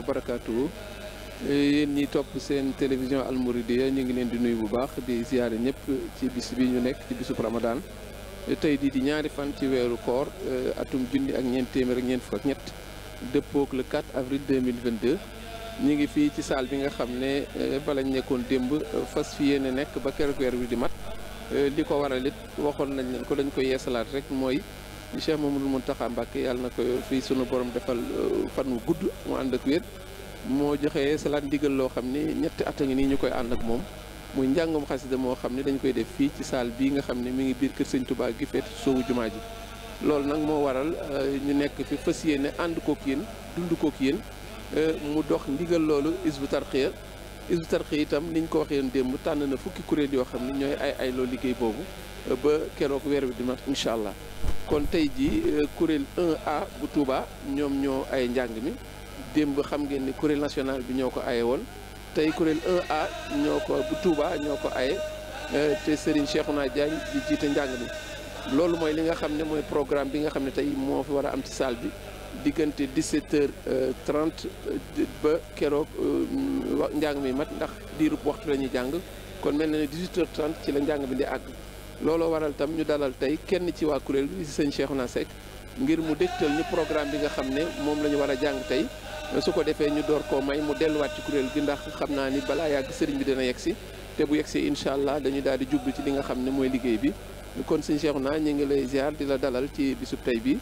wa barakatuhu eh, yéen ñi topp seen télévision Al Mouridiyyah ñu ngi leen di nuyu bu baax di ziare ñëpp ci bis bi ñu ci Ramadan eh, tey di di ñaari fan ci weeru koor eh, atum junni ak ñeent téeméer ak ñeent fukk ak ñett le 4 avril 2022 ñu ngi fii ci salle bi nga xam ne fa lañ fas fi ba wi di mat li ko waral it waxoon nañ ko dañ ko rek mooy cheikh mamadou muntaxa mbàkke yàlla na ko fii sunu borom defal uh, fan wu gudd mu ànd ak wér moo joxe salaan ndigal loo xam ni ñetti at a ngi nii ñu koy ànd ak moom muy njàngum xasida moo xam dañ koy def fii ci saal bii nga xam ne mi ngi biir kër sëñ tubaa gi feet soowu jumaa ji loolu nag moo waral uh, ñu nekk fi fas yéene ko kook yéen dund kook yéen uh, mu dox ndigal loolu isbu tarxiya isbu tarxiya itam niñ ko waxee yoon démb na fukki kuréel yoo xam ne ñooy ay ay loo liggéey boobu ba keroog weer wi di mat incha allah kon tey jii euh, kuréel 1A bu Touba ñoom ñoo ay njàng mi démb xam ngeen ni kuréel national bi ñoo ko aye woon tey kuréel 1A ñoo ko bu Touba ñoo ko aye euh, te Serigne Cheikhouna Diagne di jiite njàng mi loolu mooy li nga xam ne mooy programme bi nga xam ne tey moo fi war a am ci salle bi diggante 17h30 euh, ba keroog njàng mi mat ndax diirub waxtu la ñuy jàng kon mel na ne 18h30 ci la njàng mi di àgg. looloo waral tam ñu dalal tey kenn ci waa kuréel bi si sëñ Cheikhouna Seck ngir mu dégtal ni programme bi nga xam ne moom la ñu war a jàng tey su ko defee ñu door koo may mu delluwaat ci kuréel gi ndax xam naa ni balaa yàgg sëriñ bi dana yegsi te bu yegsee incha allah dañu daal di jublu ci li nga xam ne mooy liggéey bi kon sëñ naa ñu ngi lay ziar di la dalal ci bisub tey bi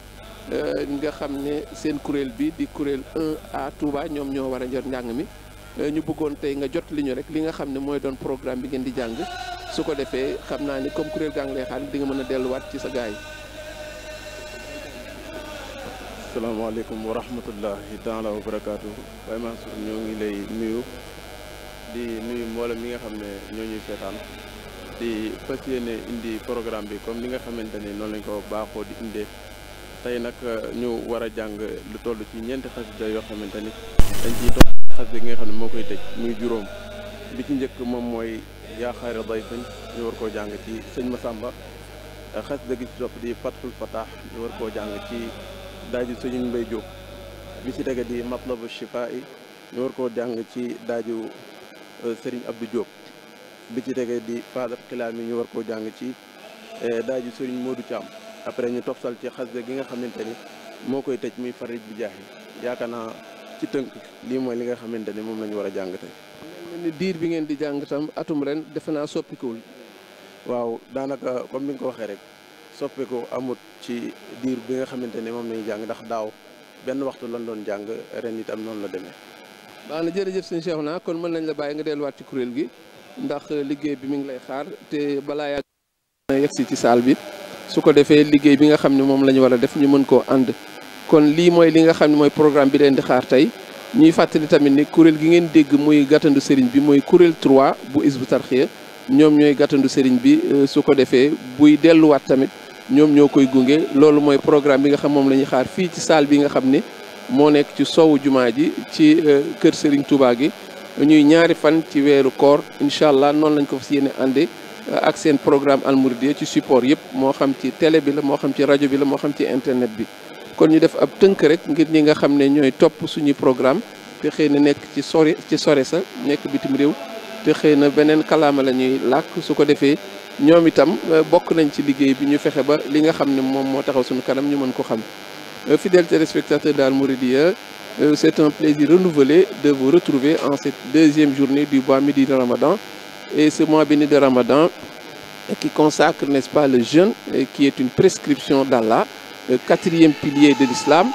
nga xam ne seen kuréel bi di kuréel 1A Touba ñoom ñoo war a njor njàng mi Euh, ñu bëggoon tey nga jot li ñu rek li nga xam ne mooy doon programme bi ngeen di jàng su ko defee xam naa ni comme kuréel gaa ngi lay xaar di nga mën a delluwaat ci sa gaay yi. asalaamaaleykum wa rahmatullahi taala wa barakaatu Baye Mansour ñoo ngi lay nuyu di nuyu mboolem mi nga xam ne ñoo ñuy seetaan di fas yéene indi programme bi comme ni nga xamante ni noonu lañ ko baaxoo di indee tey nag euh, ñu war a jàng lu toll ci ñeenti xasida yoo xamante ni xasida gi nga xam ne moo koy tëj muy juróom bi ci njëkk moom mooy yaaxaare day fañ ñu war koo jàng ci sëñ ma Masamba xasida gi ci topp di Fathul Fatah ñu war koo jàng ci daaju sëñu Mbay Jóob bi ci tege di Matlabu Chifa yi ñu war koo jàng ci daaju euh, Sëriñ Abdou Jóob bi ci tege di Faadar Xilaam mi ñu war koo jàng ci euh, daaju Sëriñ Moodu Caam après ñu toftal ci xasida gi nga xamante ni moo koy tëj muy farid bi jaax yi yaakaar naa ci tënk lii mooy li nga xamante ni moom lañu ñu war a jàng tey. ni diir bi ngeen di jàng tam atum ren defe naa soppikuwul. waaw daanaka comme ni nga ko waxee rek soppiku amut ci diir bi nga xamante ni moom la ñuy jàng ndax daaw benn waxtu lan doon jàng ren itam noonu la demee. baax na jërëjëf sëñ Cheikh naa kon mën nañ la bàyyi nga delluwaat ci kuréel gi ndax liggéey bi mi ngi lay xaar te balaa yàgg na yegsi ci saal bi su ko defee liggéey bi nga xam ne moom la war a def ñu mën koo ànd. kon lii mooy li nga xam ne mooy programme bi leen di xaar tey ñuy fàttali tamit ni kuréel gi ngeen dégg muy gàttandu sëriñ bi mooy kuréel 3 bu Hizbut Tarqiyyah ñoom ñooy gàttandu sëriñ bi euh, su ko defee buy delluwaat tamit ñoom ñoo koy gunge loolu mooy programme bi nga xam moom la xaar fii ci salle bi nga xam ni moo nekk ci soowu jumaa ji ci euh, kër sëriñ Touba gi ñuy ñaari fan ci weeru koor incha allah noonu lañ ko si yéene àndee euh, ak seen programme Al Mouridiyyah ci support yëpp moo xam ci tele bi la moo xam ci rajo bi la moo xam ci internet bi. kon ñu def ab c'est un plaisir renouvelé de vous retrouver en cette deuxième journée du mois de Ramadan et ce mois béni de Ramadan qui consacre n'est-ce pas le jeûne qui est une prescription d'Allah quatrième pilier de l'islam.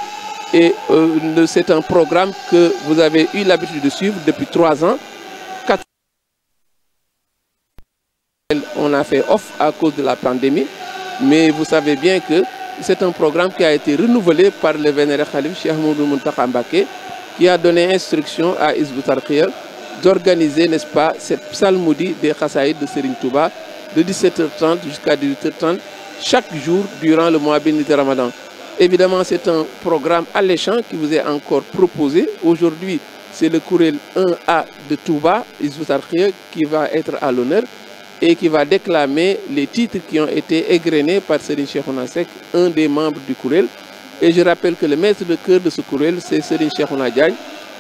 Et euh, c'est un programme que vous avez eu l'habitude de suivre depuis trois ans. On a fait off à cause de la pandémie, mais vous savez bien que c'est un programme qui a été renouvelé par le vénéré Khalif Cheikh Moudou Mbake, qui a donné instruction à Isboutar d'organiser, n'est-ce pas, cette psalmodie des Khassaïd de Serine Touba de 17h30 jusqu'à 18h30 chaque jour durant le mois béni de Ramadan. Évidemment, c'est un programme alléchant qui vous est encore proposé. Aujourd'hui, c'est le courriel 1A de Touba, qui va être à l'honneur et qui va déclamer les titres qui ont été égrenés par Serine Cheikh un des membres du courriel. Et je rappelle que le maître de cœur de ce courriel, c'est Serine Cheikh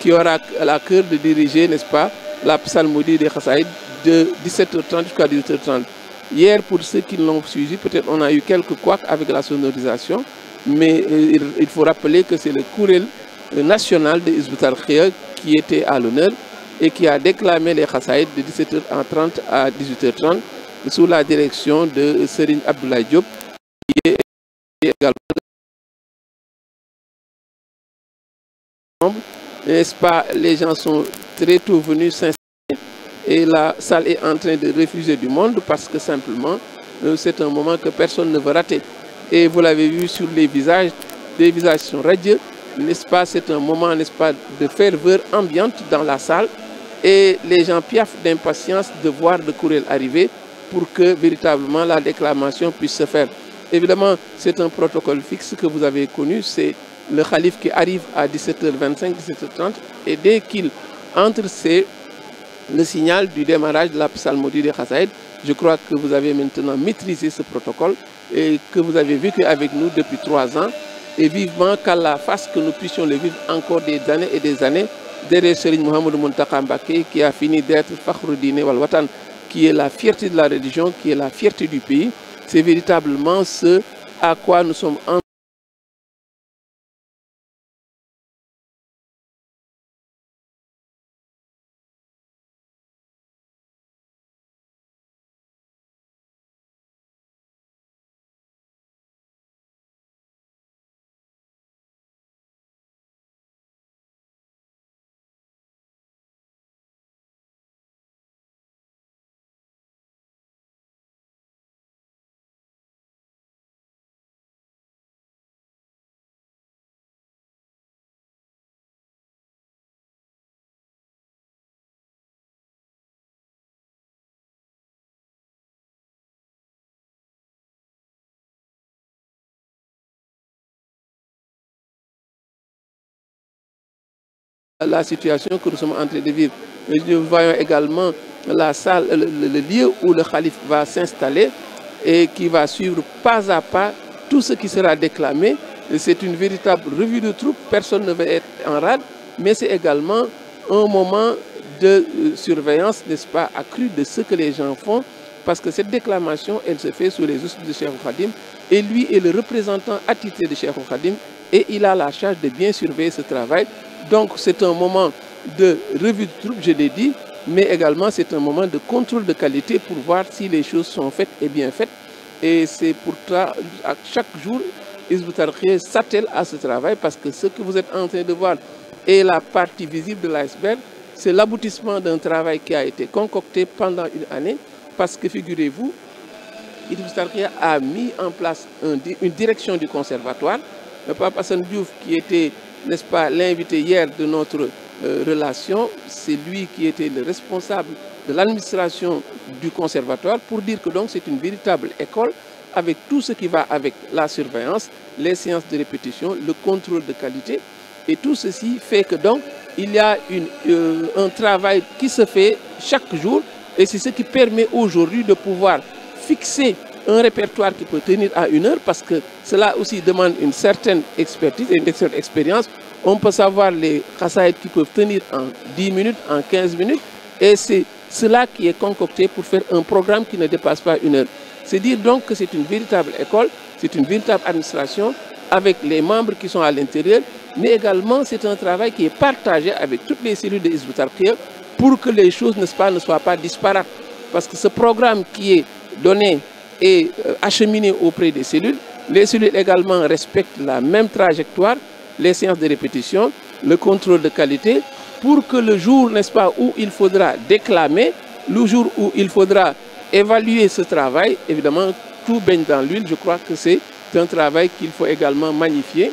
qui aura la cœur de diriger, n'est-ce pas, la psalmodie des Khassaïd de 17h30 jusqu'à 18h30. Hier, pour ceux qui l'ont suivi, peut-être on a eu quelques couacs avec la sonorisation, mais euh, il, faut rappeler que c'est le courriel euh, national de al al qui était à l'honneur et qui a déclamé les Khassaïd de 17h30 à 18h30 sous la direction de Serine Abdoulaye Diop, qui est également N'est-ce les gens sont très tôt venus, et la salle est en train de refuser du monde parce que simplement, euh, c'est un moment que personne ne veut rater. Et vous l'avez vu sur les visages, des visages sont radieux, n'est-ce pas C'est un moment, n'est-ce pas, de ferveur ambiante dans la salle. Et les gens piaffent d'impatience de voir le courriel arriver pour que véritablement la déclamation puisse se faire. Évidemment, c'est un protocole fixe que vous avez connu, c'est le calife qui arrive à 17h25, 17h30, et dès qu'il entre, c'est le signal du démarrage de la psalmodie de Khasaïd. Je crois que vous avez maintenant maîtrisé ce protocole et que vous avez vécu avec nous depuis trois ans. Et vivement qu'Allah fasse que nous puissions le vivre encore des années et des années derrière Serigne Mohamed Montaka qui a fini d'être Fakhruddin Walwatan, qui est la fierté de la religion, qui est la fierté du pays. C'est véritablement ce à quoi nous sommes en la situation que nous sommes en train de vivre. Nous voyons également la salle, le, lieu où le calife va s'installer et qui va suivre pas à pas tout ce qui sera déclamé. C'est une véritable revue de troupes, personne ne va être en rade, mais c'est également un moment de euh, surveillance, n'est-ce pas, accrue de ce que les gens font, parce que cette déclamation, elle se fait sous les auspices de Cheikh Khadim, et lui est le représentant attitré de Cheikh Khadim, et il a la charge de bien surveiller ce travail donc c'est un moment de revue de troupe, je l'ai dit, mais également c'est un moment de contrôle de qualité pour voir si les choses sont faites et bien faites. Et c'est pour ça, chaque jour, Isbutarkhé s'attelle à ce travail parce que ce que vous êtes en train de voir est la partie visible de l'iceberg. C'est l'aboutissement d'un travail qui a été concocté pendant une année parce que figurez-vous, Isbutarkhé a mis en place une direction du conservatoire. Le euh, papa Hassan qui était n'est-ce pas, l'invité hier de notre euh, relation, c'est lui qui était le responsable de l'administration du conservatoire pour dire que donc c'est une véritable école avec tout ce qui va avec la surveillance, les séances de répétition, le contrôle de qualité. Et tout ceci fait que donc il y a euh, un travail qui se fait chaque jour et c'est ce qui permet aujourd'hui de pouvoir fixer un répertoire qui peut tenir à une heure parce que cela aussi demande une certaine expertise et une certaine expérience. On peut savoir les kassaïdes qui peuvent tenir en 10 minutes, en 15 minutes et c'est cela qui est concocté pour faire un programme qui ne dépasse pas une heure. C'est dire donc que c'est une véritable école, c'est une véritable administration avec les membres qui sont à l'intérieur, mais également c'est un travail qui est partagé avec toutes les cellules de Hizbutarkia pour que les choses, pas, ne soient pas disparates. Parce que ce programme qui est donné et euh, acheminé auprès des cellules. Les cellules également respectent la même trajectoire, les séances de répétition, le contrôle de qualité, pour que le jour, n'est-ce pas, où il faudra déclamer, le jour où il faudra évaluer ce travail, évidemment, tout baigne dans l'huile. Je crois que c'est un travail qu'il faut également magnifier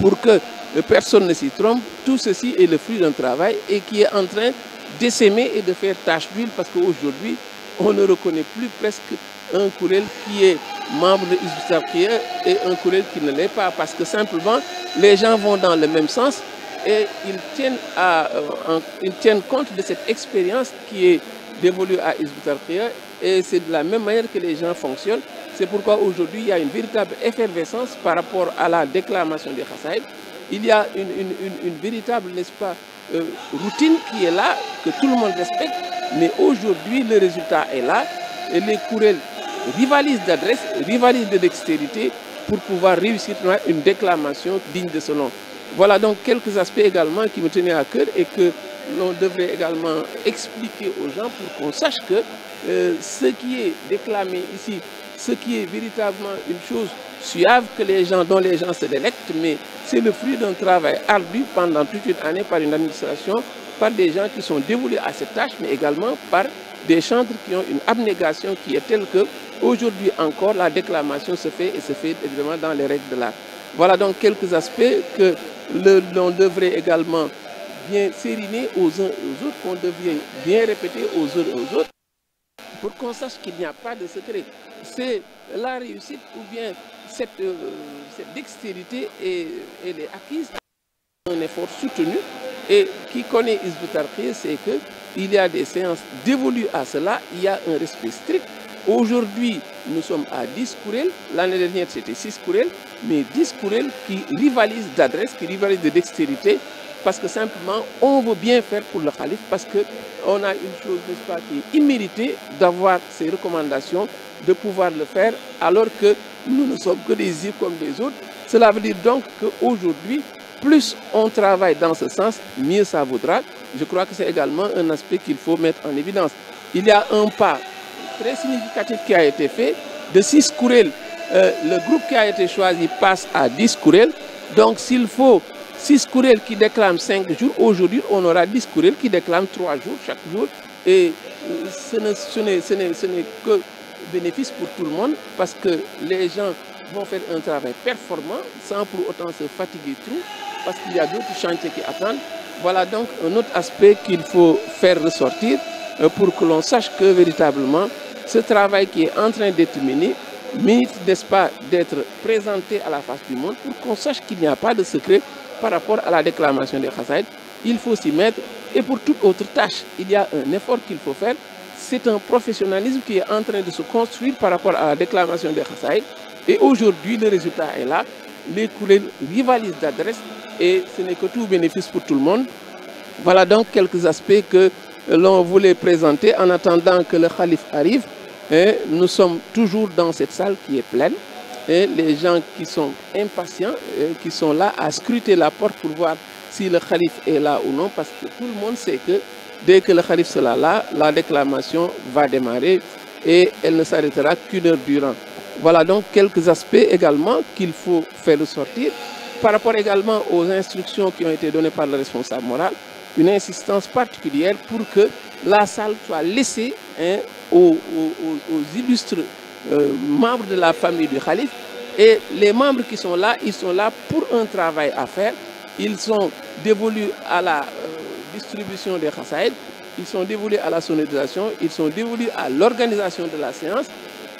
pour que euh, personne ne s'y trompe. Tout ceci est le fruit d'un travail et qui est en train d'essaimer et de faire tache d'huile parce qu'aujourd'hui, on ne reconnaît plus presque un courriel qui est membre de et un courriel qui ne l'est pas. Parce que simplement, les gens vont dans le même sens et ils tiennent, à, euh, compte de cette expérience qui est dévolue à Israël. et c'est de la même manière que les gens fonctionnent. C'est pourquoi aujourd'hui, il y a une véritable effervescence par rapport à la déclamation des Khassaïd. Il y a une, véritable, n'est-ce pas, euh, routine qui est là, que tout le monde respecte, mais aujourd'hui, le résultat est là. Et les courriels rivalise d'adresse, rivalise de dextérité pour pouvoir réussir une déclamation digne de ce nom. Voilà donc quelques aspects également qui me tenaient à cœur et que l'on devrait également expliquer aux gens pour qu'on sache que euh, ce qui est déclamé ici, ce qui est véritablement une chose suave que les gens, dont les gens se délectent, mais c'est le fruit d'un travail ardu pendant toute une année par une administration, par des gens qui sont dévoulés à cette tâche, mais également par des chantres qui ont une abnégation qui est telle que Aujourd'hui encore, la déclamation se fait et se fait évidemment dans les règles de l'art. Voilà donc quelques aspects que l'on devrait également bien sériner aux uns aux autres, qu'on devrait bien répéter aux uns aux autres, pour qu'on sache qu'il n'y a pas de secret. C'est la réussite ou bien cette, euh, dextérité et elle est acquise un effort soutenu et qui connaît Isbutarki, c'est qu'il y a des séances dévolues à cela, il y a un respect strict Aujourd'hui, nous sommes à 10 courelles. L'année dernière, c'était 6 courelles. Mais 10 courelles qui rivalisent d'adresse, qui rivalisent de dextérité. Parce que simplement, on veut bien faire pour le calife. Parce qu'on a une chose, n'est-ce pas, qui est imméritée d'avoir ces recommandations, de pouvoir le faire. Alors que nous ne sommes que des îles comme des autres. Cela veut dire donc qu'aujourd'hui, plus on travaille dans ce sens, mieux ça vaudra. Je crois que c'est également un aspect qu'il faut mettre en évidence. Il y a un pas très significatif qui a été fait. De 6 courelles, euh, le groupe qui a été choisi passe à 10 courelles. Donc s'il faut 6 courelles qui déclament 5 jours, aujourd'hui on aura 10 courelles qui déclament 3 jours chaque jour. Et euh, ce n'est que bénéfice pour tout le monde parce que les gens vont faire un travail performant sans pour autant se fatiguer trop parce qu'il y a d'autres chantiers qui attendent. Voilà donc un autre aspect qu'il faut faire ressortir euh, pour que l'on sache que véritablement ce travail qui est en train d'être mené mérite, n'est-ce pas, d'être présenté à la face du monde pour qu'on sache qu'il n'y a pas de secret par rapport à la déclamation des Khazayt. Il faut s'y mettre. Et pour toute autre tâche, il y a un effort qu'il faut faire. C'est un professionnalisme qui est en train de se construire par rapport à la déclamation des Khazayt. Et aujourd'hui, le résultat est là. Les coulées rivalisent d'adresse et ce n'est que tout bénéfice pour tout le monde. Voilà donc quelques aspects que l'on voulait présenter en attendant que le calife arrive nous sommes toujours dans cette salle qui est pleine. Et les gens qui sont impatients, euh, qui sont là à scruter la porte pour voir si le calife est là ou non, parce que tout le monde sait que dès que le calife sera là, la déclamation va démarrer et elle ne s'arrêtera qu'une heure durant. Voilà donc quelques aspects également qu'il faut faire ressortir. Par rapport également aux instructions qui ont été données par le responsable moral, une insistance particulière pour que la salle soit laissée hein, aux, illustres euh, membres de la famille du calife. Et les membres qui sont là, ils sont là pour un travail à faire. Ils sont dévolus à la euh, distribution des khasaïd, ils sont dévolus à la sonorisation, ils sont dévolus à l'organisation de la séance.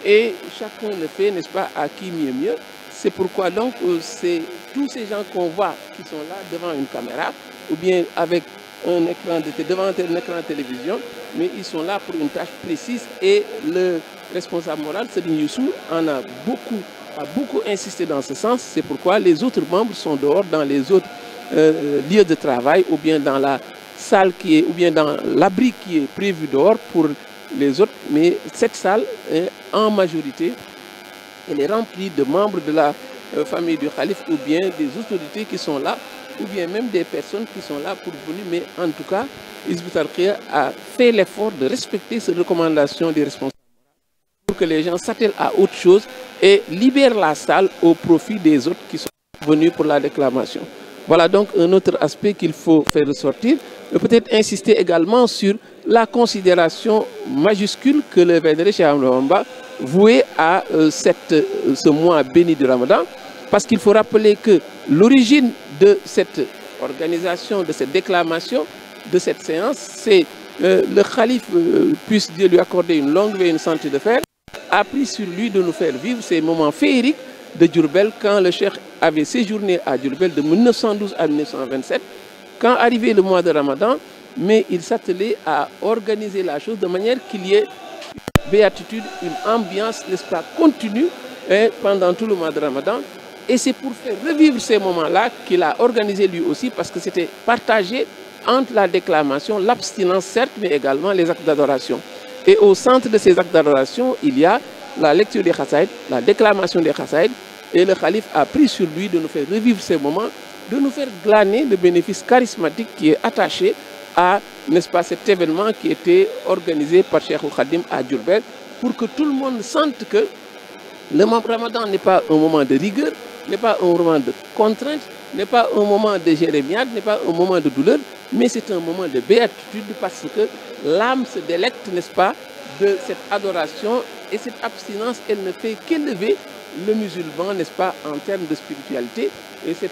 Et chacun le fait, n'est-ce pas, à qui mieux mieux. C'est pourquoi donc euh, c'est tous ces gens qu'on voit qui sont là devant une caméra ou bien avec un écran de, devant un écran de télévision, mais ils sont là pour une tâche précise et le responsable moral, Céline Youssou, en a beaucoup, a beaucoup insisté dans ce sens. C'est pourquoi les autres membres sont dehors dans les autres euh, lieux de travail ou bien dans la salle qui est, ou bien dans l'abri qui est prévu dehors pour les autres. Mais cette salle, en majorité, elle est remplie de membres de la euh, famille du calife ou bien des autorités qui sont là ou bien même des personnes qui sont là pour venir, mais en tout cas, Isbutal a fait l'effort de respecter ces recommandations des responsables pour que les gens s'attellent à autre chose et libèrent la salle au profit des autres qui sont venus pour la déclamation. Voilà donc un autre aspect qu'il faut faire ressortir. Peut-être insister également sur la considération majuscule que le Vénéré chez vouait à euh, cette, euh, ce mois béni de Ramadan, parce qu'il faut rappeler que l'origine de cette organisation, de cette déclamation, de cette séance, c'est euh, le calife, euh, puisse Dieu lui accorder une longue et une santé de fer, a pris sur lui de nous faire vivre ces moments féeriques de Djurbel quand le cheikh avait séjourné à Djurbel de 1912 à 1927. Quand arrivait le mois de Ramadan, mais il s'attelait à organiser la chose de manière qu'il y ait une béatitude, une ambiance, n'est-ce pas, continue hein, pendant tout le mois de Ramadan et c'est pour faire revivre ces moments-là qu'il a organisé lui aussi, parce que c'était partagé entre la déclamation, l'abstinence certes, mais également les actes d'adoration. Et au centre de ces actes d'adoration, il y a la lecture des chassaïd, la déclamation des chassaïd, et le calife a pris sur lui de nous faire revivre ces moments, de nous faire glaner le bénéfice charismatique qui est attaché à, n'est-ce pas, cet événement qui était organisé par Cheikh Khadim à Djurbel, pour que tout le monde sente que le ramadan n'est pas un moment de rigueur, n'est pas un moment de contrainte, n'est pas un moment de jérémiade, n'est pas un moment de douleur, mais c'est un moment de béatitude parce que l'âme se délecte, n'est-ce pas, de cette adoration et cette abstinence, elle ne fait qu'élever le musulman, n'est-ce pas, en termes de spiritualité. Et c'est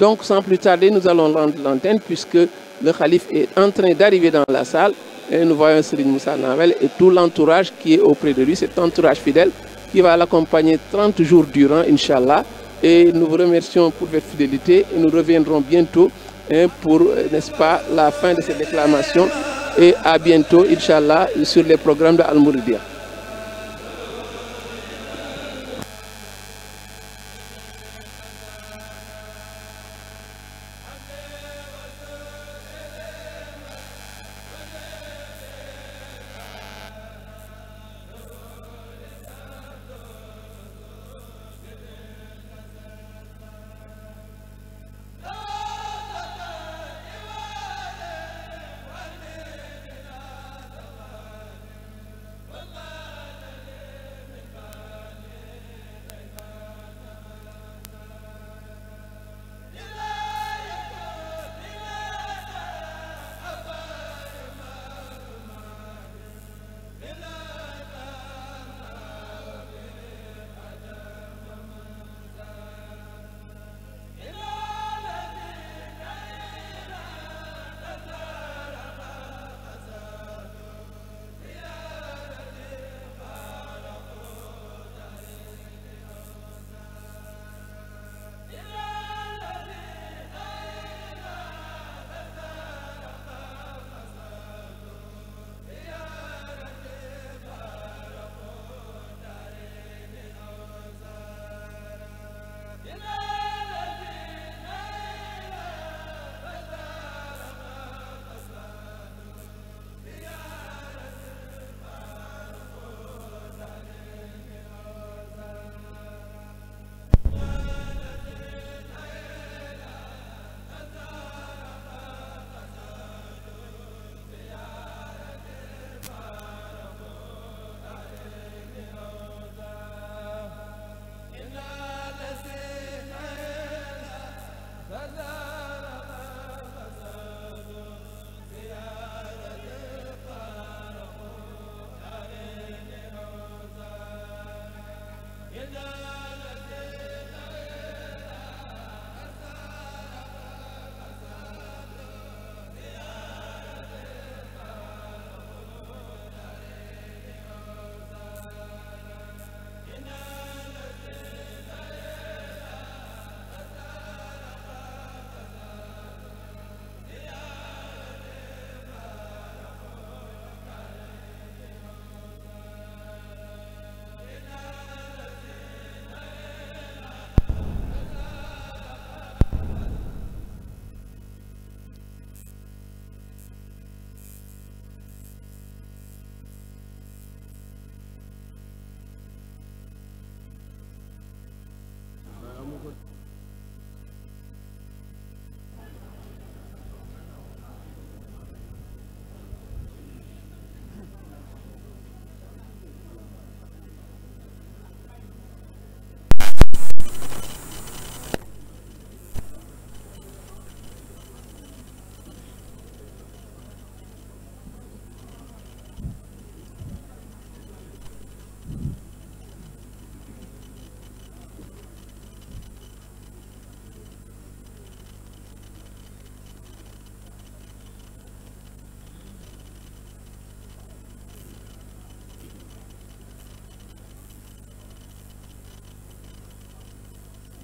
Donc, sans plus tarder, nous allons rendre l'antenne puisque le calife est en train d'arriver dans la salle et nous voyons Serine Moussa Navel et tout l'entourage qui est auprès de lui, cet entourage fidèle qui va l'accompagner 30 jours durant, Inch'Allah. Et nous vous remercions pour votre fidélité et nous reviendrons bientôt hein, pour, euh, n'est-ce pas, la fin de cette déclamation. Et à bientôt, Inch'Allah, sur les programmes de Al-Mouridia.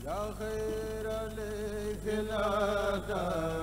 يا خير الثلاثه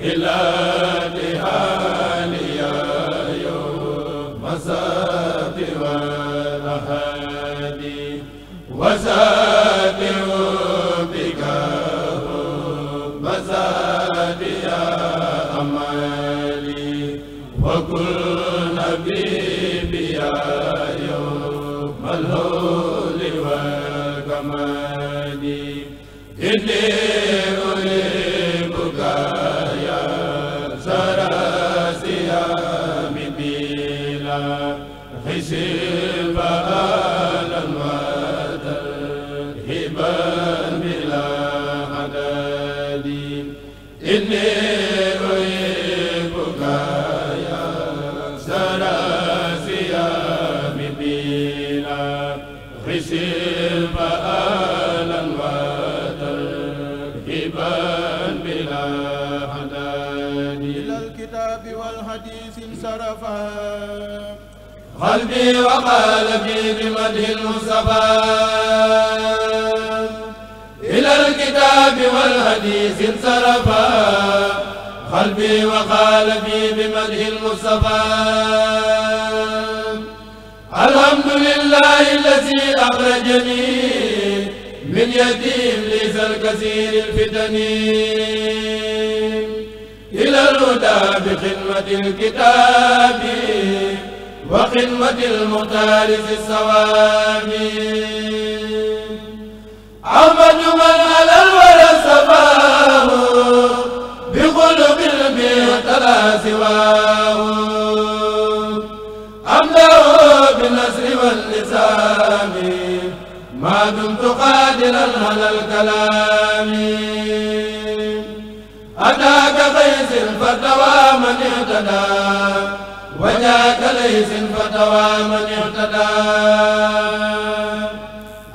ila قلبي وقلبي بمدح المصطفى إلى الكتاب والحديث انصرفا قلبي وقلبي بمدح المصطفى الحمد لله الذي أخرجني من يتيم ليس الكثير الفتن إلى الهدى بخدمة الكتاب وقلوة المتالف السوامي عم من على الورى سفاه بخلق البيت لا سواه أمده بالنسر واللسان ما دمت قادرا على الكلام أتاك قيس فتوى من اهتدى وجاك ليس فتوى من اهتدى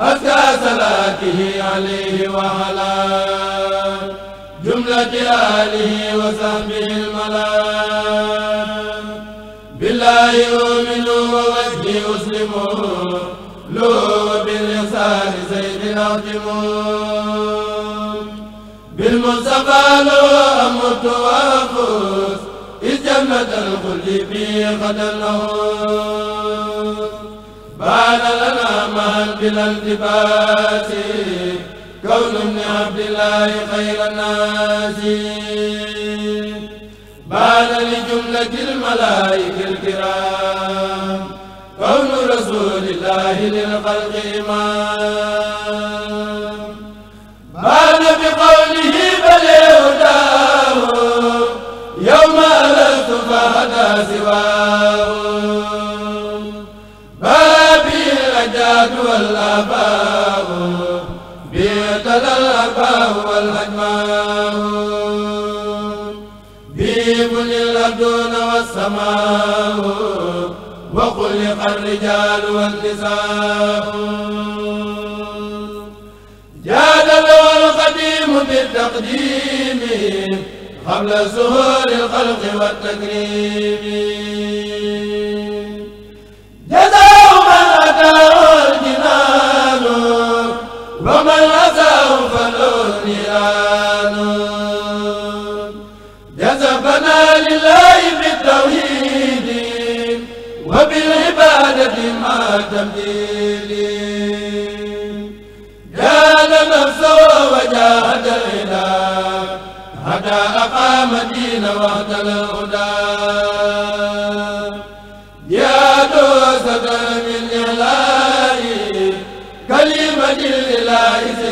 أتى صلاته عليه وعلى جملة آله وصحبه الملا بالله يؤمن ووجهي يسلم لو بالإحسان زيد أختم بالمصطفى لو أمرت وأمت مدى الخلد في غدا بان لنا مال بلا التباس كون ابن عبد الله خير الناس بان لجملة الملائكة الكرام كون رسول الله للخلق إمام بان بقوله العدو الآباء بيتنا الآباء والأجماء بيبن الأرضون والسماء وخلق الرجال والنساء جادل والقديم بالتقديم قبل سهول الخلق والتكريم جزاء من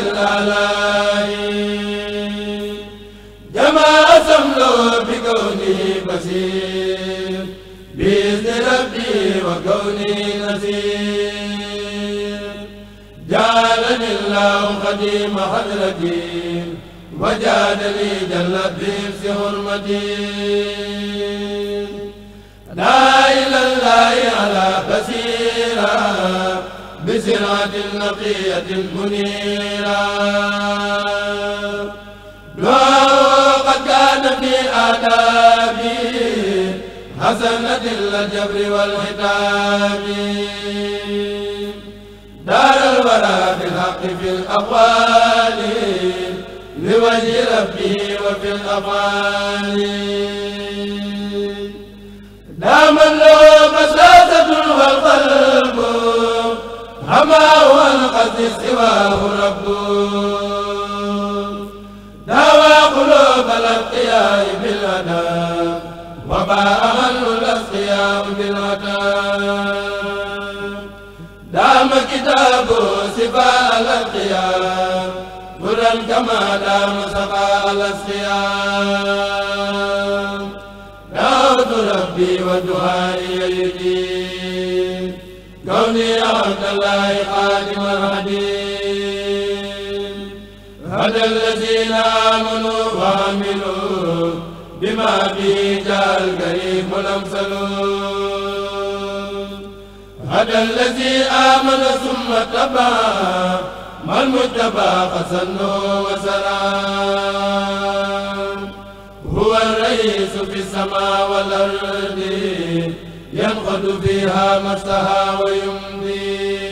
la كوني نذير جعلني الله خديم حضرتي وجعلني جل في حرمتي لا إلى الله على بصيرة بسرعة نقية منيرة دعاء قد كان في آدابي حسنة الجبر والهتاب دار الورى بالحق في الأقوال لوجه ربه وفي الأفعال دام له بساسة والقلب أما هو القصد سواه رب داوى قلوب الأتقياء بالأداب وبارغ الصيام بالعتاب دام كتابه سفاء الألقياء مرا كما دام سفاء الأسقياء دعوت ربي ودعائي يجيب كوني عبد الله خادم الحديث هدى الذين آمنوا وعملوا بما به جاء الكريم الأمثل هذا الذي آمن ثم تبع ما المتبع حسنه وسلام هو الرئيس في السماء والأرض ينقض فيها مرسها ويمضي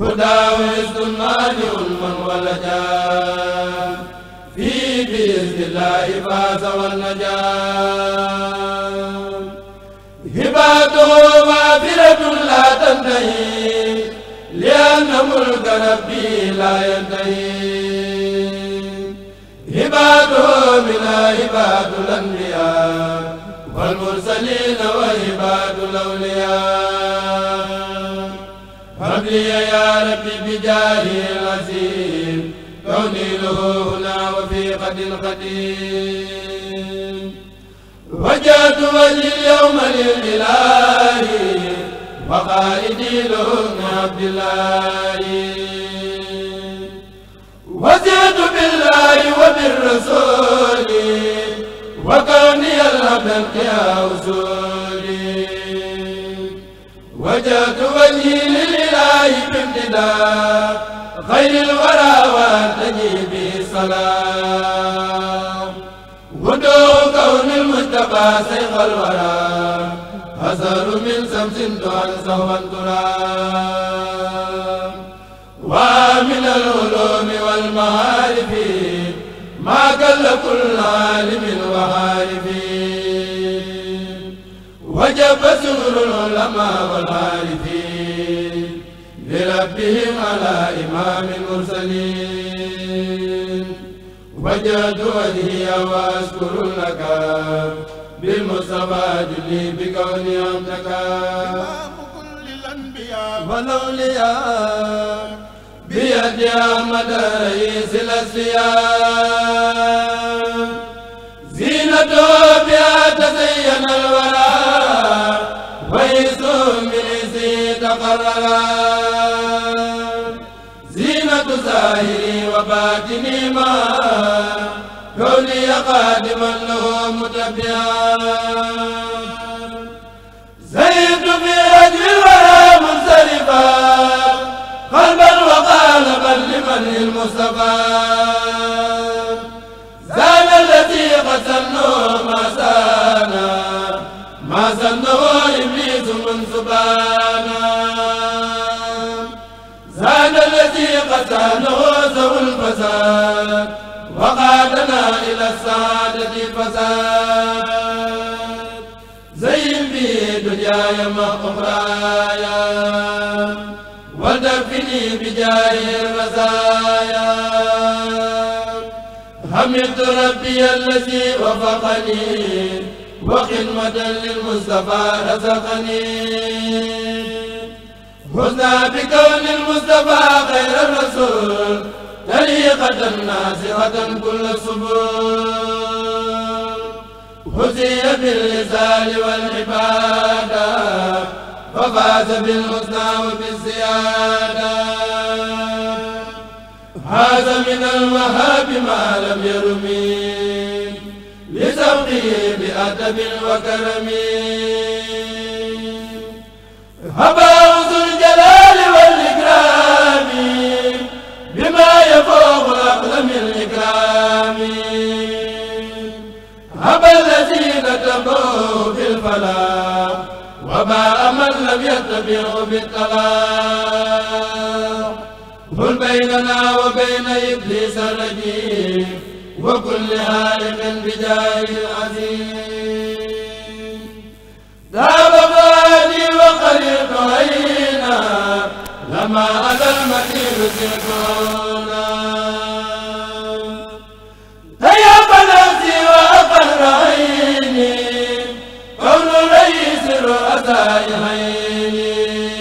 هدى ويزد مانع من ولدان بالله فاز والنجاة هباته مغفرة لا تنتهي لأن ملك ربي لا ينتهي هباته من هبات الأنبياء والمرسلين وهبات الأولياء فابلي يا ربي بجاهه العظيم كوني له هنا وفي غد قديم وجهت وجهي اليوم للإله وخالدي له ابن عبد الله وزيت بالله وبالرسول وكوني العبد القيا وزولي وجهت وجهي للإله بامتداد خير الورى وانت جيبي الولا كون المصطفى سيف الورى أزهر من سمس دعا سهوا ترى ومن العلوم والمعارف ما كل كل عالم وعارف وجب سر العلماء والعارفين لربهم على إمام المرسلين وجهت وجهي واشكر لك بالمصطفى جلي بكوني امتك امام كل الانبياء والاولياء بيد احمد رئيس الاسفياء زينته بها تزين الورى ويسوم من زيد قررا ظاهري وباطني ما كوني قادما له متبعا زيد في أجل الورى منصرفا قلبا وقالبا لمن المصطفى الفساد وزو الفساد وقادنا إلى السعادة فساد زين به دنياي ما أخرايا ودفني بجاه الرزايا حمد ربي الذي وفقني وخدمة للمصطفى رزقني فزنا بكون المصطفى خير الرسول طريقة ناصحة كل السبل هزي باللسان والعبادة وفاز بالمثنى وبالزيادة هذا من الوهاب ما لم يرمي لسوقه بأدب وكرم هبا الجلال والإكرام بما يفوق الأقلم الإكرام أبى الذين تبوا في الفلاح وما أمن لم يتبعوا بالطلاق قل بيننا وبين إبليس الرجيم وكل عالم بجاه العزيز ذهب مالي وخليق ما على المكير تكون هيا بلدي وأبهر عيني كون رئيس رؤساء عيني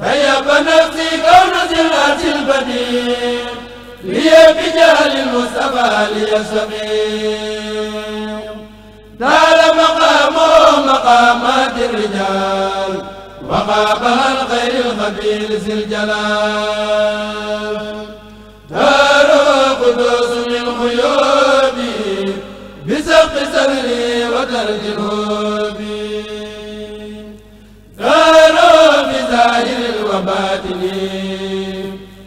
هيا بنفسي كون زلعة البديع لي بجهل المصطفى ليستقيم دار مقامه مقامات الرجال وقابل الخير الخبير ذي الجلال دار قدوس من خيوبي بسق سري ودرج الهوبي دار في ظاهر وباطن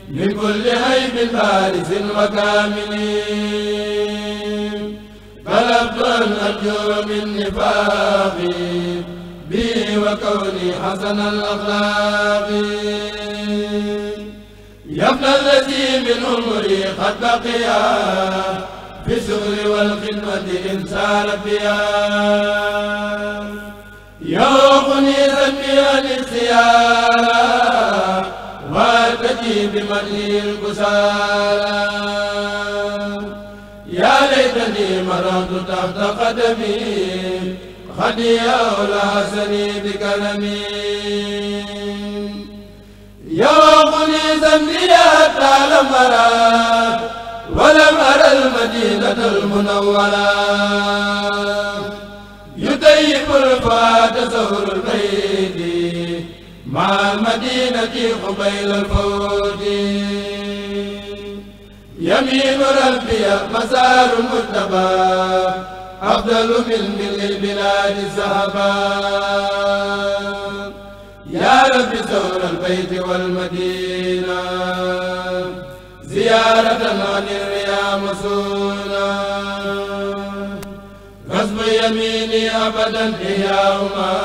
من كل بارز وكامل بلغت أرجو من نفاقي وكوني حسن الأخلاق يفنى الذي من عمري قد بقيا في الشغل والخدمة إن سار فيها يوقني ذنبي الاختيار والتجي بمني الكسالى يا ليتني مررت تحت قدمي خدي أولى حسني بكلمي يومني ذنبي حتى لم أراك ولم أرى المدينة المنورة يطيب الفات زهر البيت مع المدينة قبيل الفوت يمين ربي مسار المتبع أفضل من ملء البلاد الذهبا يا رب زور البيت والمدينة زيارة عن الريا مسونا غصب يميني أبدا إياهما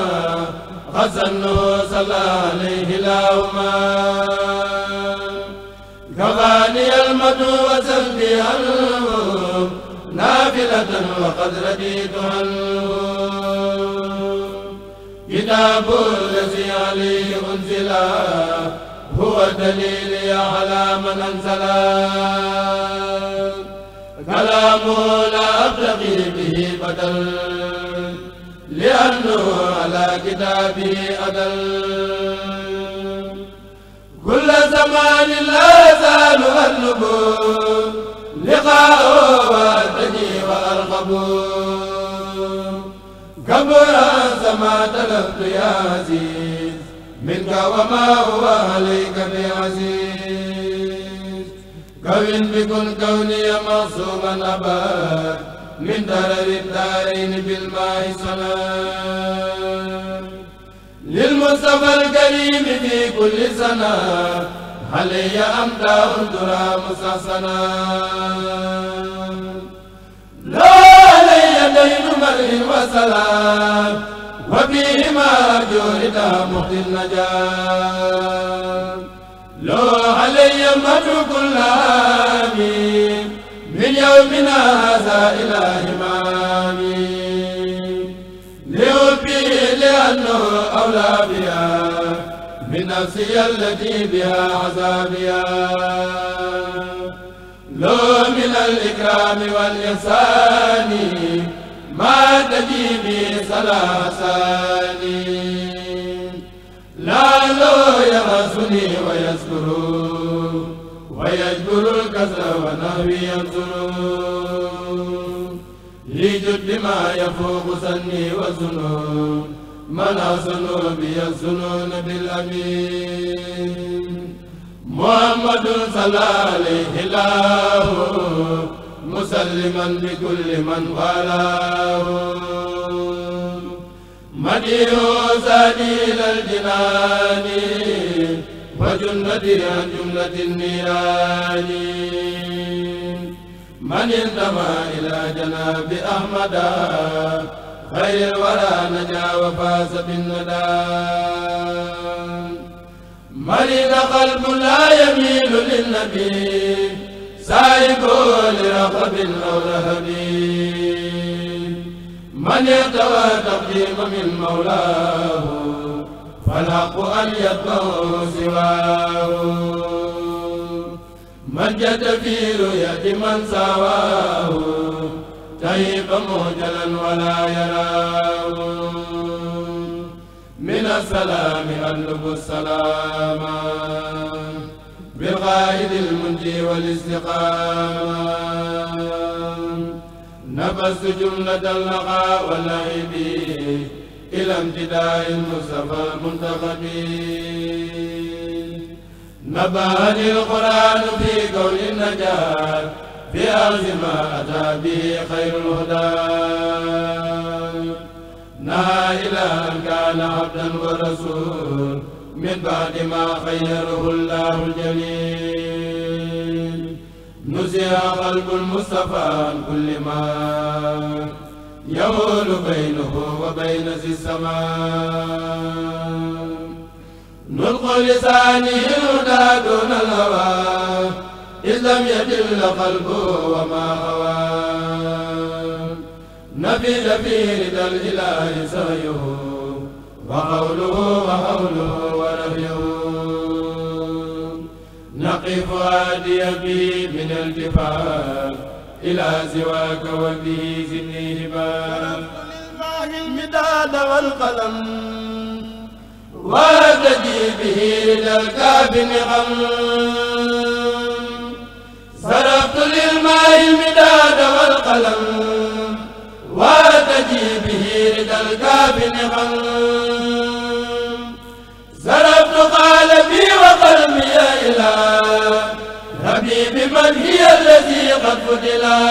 غسنه صلى عليه لهما كفاني المدو وسلبي الله نافلة وقد رديتها كتاب الذي عليه أنزلا هو دليلي على من أنزلا كلام لا أبتغي به بدل لأنه على كتابه أدل كل زمان لا زال أطلب لقاء وأرغبون قبر ما تلفت يا عزيز منك وما هو عليك بعزيز كون بكل كوني معصوما أباد من درر الدارين بالماء سلام للمصطفى الكريم في كل سنة علي أمداء ترى مسحسنا نفسي التي بها عذابيا loo min al ikraami wal ihsaani maa tajibi salaasaani laa loo yarasuni wa yaskuru wa yajburu al kasra wa nahwi yansuru li juddi maa yafuuqu sanni wa zunun mana zunubi yasunun bil amin محمد صلى عليه الله مسلما لكل من والاه مدير سبيل الجنان وجنتي عن جملة النيران من انتمى إلى جناب أحمد خير ولا نجا وفاز بالندى مريض قلب لا يميل للنبي سائق لرغب أو لهب من يتوى تقديم من مولاه فالحق أن يطمع سواه من جد في رؤية من سواه تهيب موجلا ولا يراه السلام ألب السلام بالغائد المنجي والاستقامة نفس جملة اللقاء واللعب إلى امتداء المصطفى المنتخب نبهني القرآن في كون النجاة في أرض ما أتى به خير الهدى إله كان عبدا ورسول من بعد ما خيره الله الجليل نزع قلب المصطفى عن كل ما يمول بينه وبين ذي السماء نطق لسانه يدى دون الهوى إذ لم يدل قلبه وما هواه نبي نبي رضا الإله سيه وقوله وقوله ونبيه نقف عادي به من الجفاف إلى سواك وبه زني لله المداد والقلم وارتدي به رضا نعم نغم صرفت للماء المداد والقلم بنغم زربت قالبي وقلبي يا إله ربي من هي الذي قد فدلا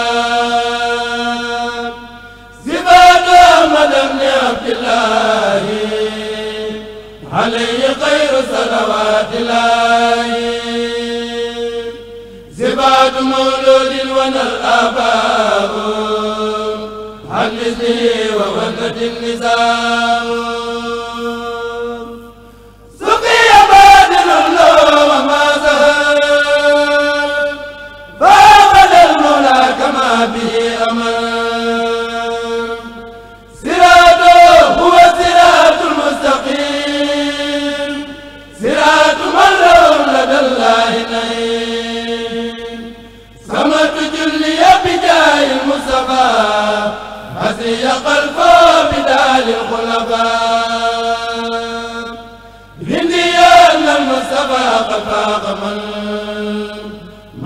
زباد أحمد بن عبد الله عليه خير صلوات الله زباد مولود ونا الآباء مثله ومن النزاع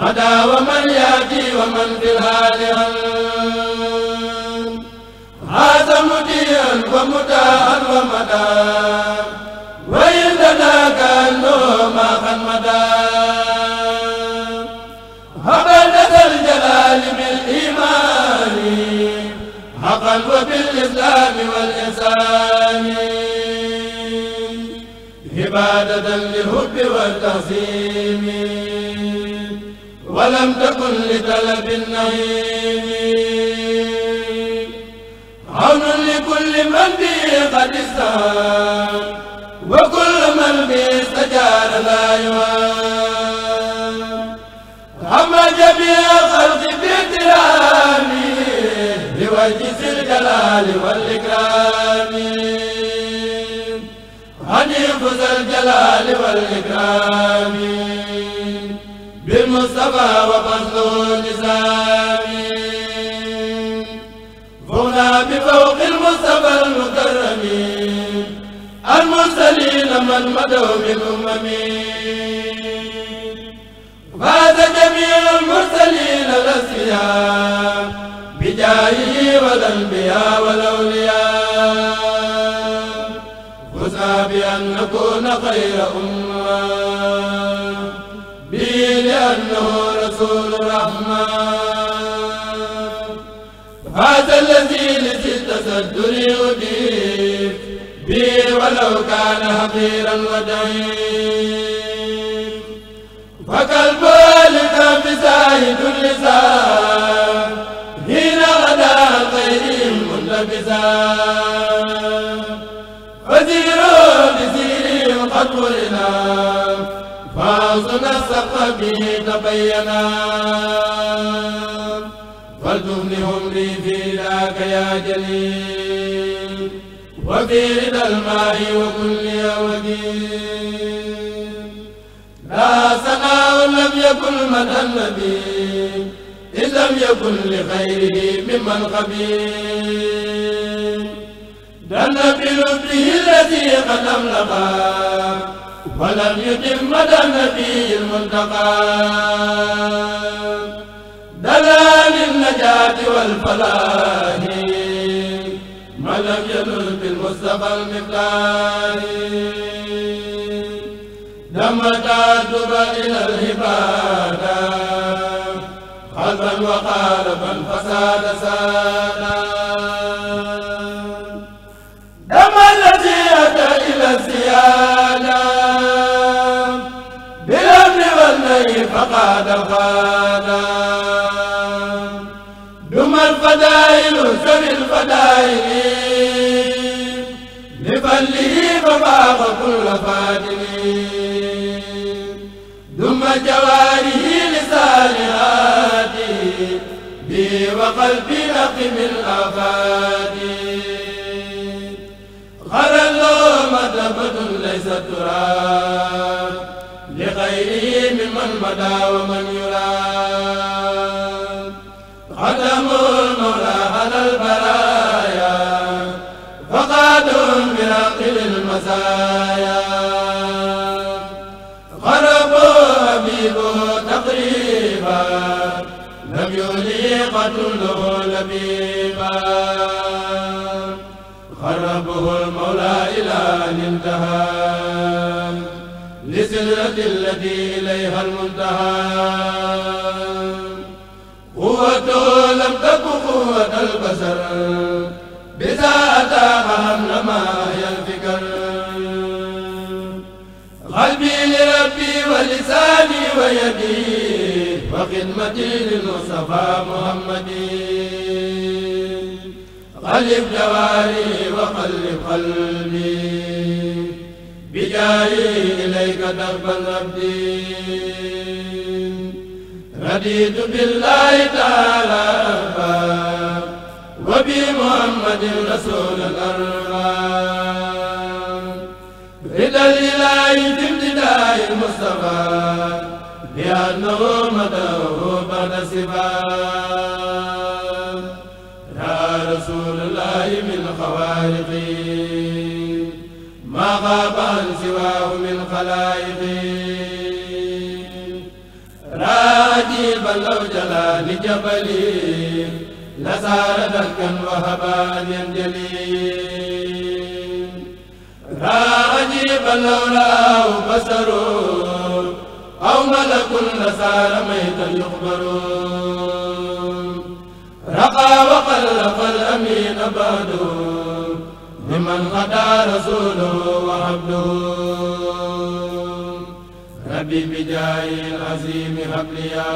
مدى ومن ياتي ومن في الهالها هذا مديا ومتاء ومدى ويندنا كانه ما خن مدى هبلة الجلال بالإيمان حقا وبالإسلام والإحسان عبادة للحب والتعظيم ولم تكن لطلب النعيم عون لكل من به قد استهان وكل من به استجار لا يهان عم جميع الخلق في باحترامه بوجه ذي الجلال والإكرام حنيف ذا الجلال والإكرام المصطفى وفضل اللسان فوقنا بفوق المصطفى المكرم المرسلين من مدوا بالأمم فاز جميع المرسلين الأسياء بجاهه والأنبياء والأولياء فزنا بأن نكون خير أمة أنه رسول الرحمن هذا الذي لجد تصدر يجيب به ولو كان حقيرا وضعيف فقلب لك بزايد اللسان هنا غدا الخير ملبسا فزيروا بزير قد ولنا وازن السقف به تبينا فلتملهم لي في ذاك يا جليل وفي رضا الماء وكل يود لا سماء لم يكن مدى النبي إن لم يكن لخيره ممن خبير في لطفه الذي قد أملقا ولم يتم مدى النبي المنتقى دلال النجاة والفلاح ما لم يلل بالمصطفى المفتاح لما تعذب إلى العبادة خلفا وخالفا فساد ساده الغنم دم الفدائل سم الفدائل لفله فباغ كل فادل دم جواره لسان بي وقلبي نقم الافادي غرى اللوم دمد ليس تراب من بدا ومن يراد خدم المولى على البرايا فقاد براقل المزايا غرب حبيبه تقريبا لم يولي قتله لبيبا غربه المولى إلى أن انتهى السدرة التي إليها المنتهى قوته لم تك قوة البشر بذا أتاها إنما هي الفكر قلبي لربي ولساني ويدي وخدمتي للمصطفى محمد قلب جواري وقلب قلبي جاري إليك درب أبدي رديت بالله تعالى ربا وبمحمد رسول الأرباب رضا الإله في ابتداء المصطفى لأنه مدعوه بعد سباب يا رسول الله من خوارقي غاب عن سواه من خلائق راجبا لو جلا لجبلي لسار دكا وهبا أن ينجلي راجبا لو رآه بصر أو ملك لسار ميتا يخبر رقى وقلق الأمين بعده ممن غدا رسوله وحبله ربي بجاه العظيم حبليا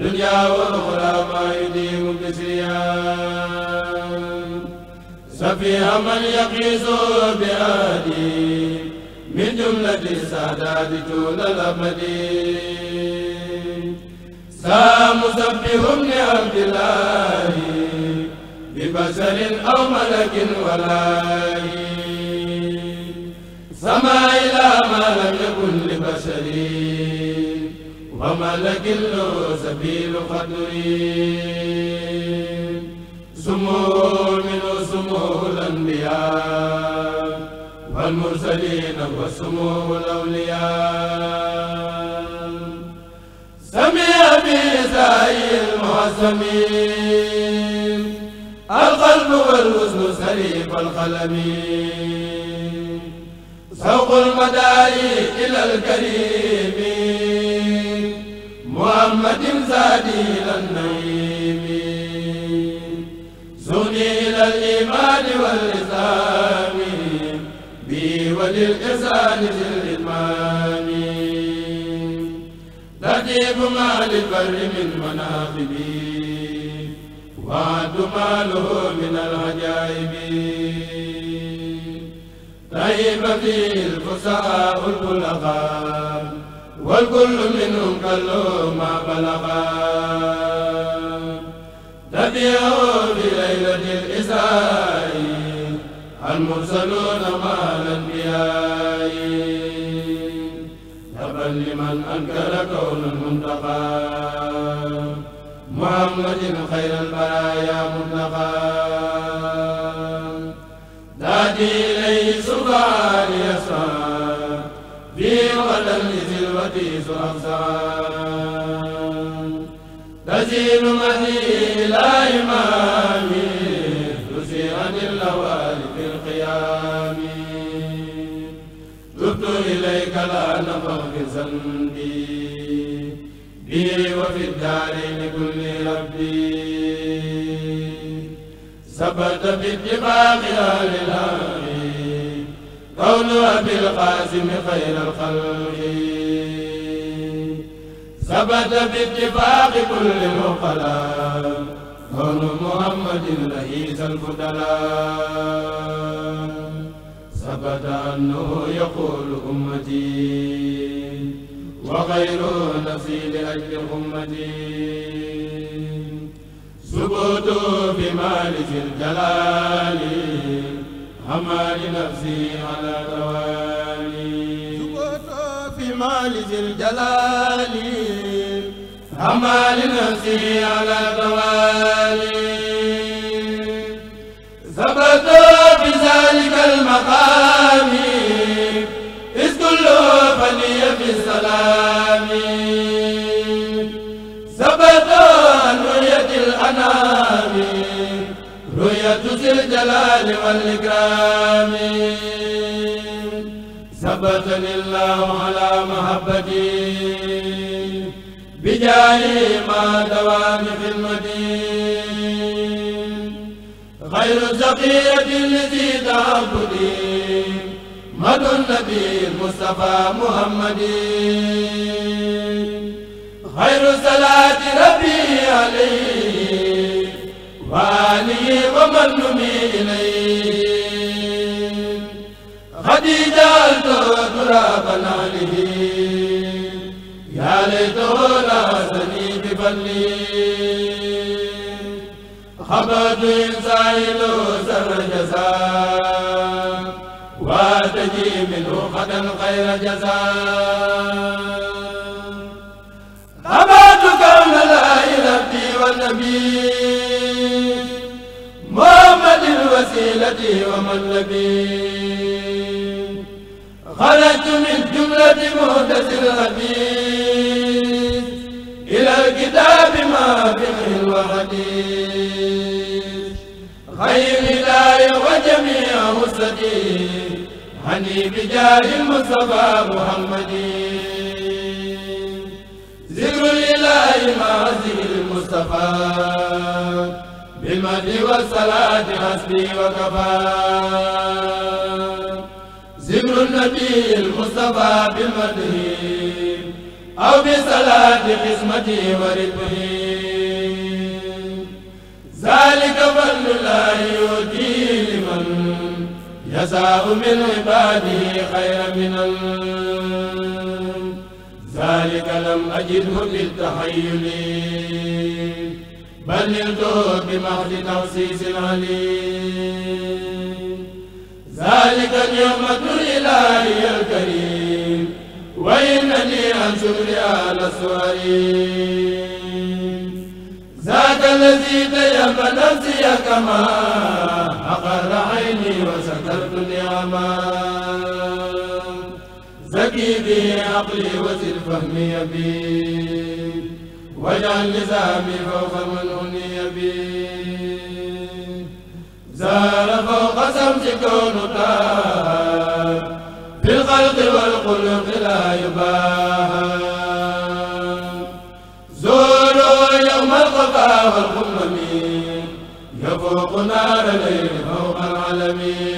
دنيا واخرى ما يديم بسريان سفيها من يقيس بآدي من جملة السادات طول الأبد سامسبهم لعبد الله بشر أو ملك ولا سما إلى ما لم يكن لبشر وملك له سبيل قدر سمو من سموه الأنبياء والمرسلين وسمو الأولياء سمع بإسرائيل المعزمين القلب والوزن سليم القلم سوق المداري إلى الكريم محمد زادي إلى النعيم سني إلى الإيمان والإسلام بي وللإحسان في الإيمان تجيب ما للبر من مناقبي وتقاله من العجائب طيب في الفساء البلغاء والكل منهم كله ما بلغا تبيعوا في ليلة الإساء المرسلون مع الأنبياء تبا لمن أنكر كون المنتقى محمد خير البرايا مطلقا نادي إليه سبحانه يسعى في غدا لسلوتي سأخسعا تزيل مهدي لا إمامي تسير عن اللوال في القيام تبت إليك لا نفخ ذنبي بي وفي الدارين كل ربي ثبت في اتفاق اهل الامر قول ابي القاسم خير الخلق ثبت باتفاق كل العقلاء كون محمد رئيس البدلاء ثبت انه يقول امتي وخير نفسي لأجل أمتي سكوت بمالك الجلال هما لنفسي على توالي سكوت بمالك الجلال هما لنفسي على توالي ثبت بذلك المقام في بالسلام ثبت رؤية الأنام رؤية ذي الجلال والإكرام ثبتني الله على محبتي بجاه ما دوام في المدين غير زقيرة لذي تعبدين محمد النبي المصطفى محمد خير صلاة ربي عليه وآله ومن نمي إليه خديجة تراب نعله يا ليته لازني ببلي خبر إنسان له سر جزاك وتجيب منه غدا غير جزاء أما تكون لا ربي والنبي محمد الوسيلة وما خرجت من جملة مهدس الحديث إلى الكتاب ما فيه وحديث خير الله وجميع مستدير هني بجاه المصطفى محمد زر الإله مع ذكر المصطفى بالمد والصلاة حسبي وكفى زر النبي المصطفى بالمد أو بصلاة قسمتي ورده ذلك فضل الله يؤتي جزاء من عباده خير من ذلك لم أجده في التحيل بل نلته بمحض تخصيص عليم ذلك نعمة الإله الكريم وإنني عن شكرها لسؤالين ذاك الذي تيم نفسي كما أقر عيني وسكرت الأمام زكي ذي عقلي وزد فهمي يبي واجعل نزامي فوق من أني بي زار فوق سمت كونك في الخلق والخلق لا يباهى زوروا يوم القفا والقمم يفوق نار الليل فوق العالمين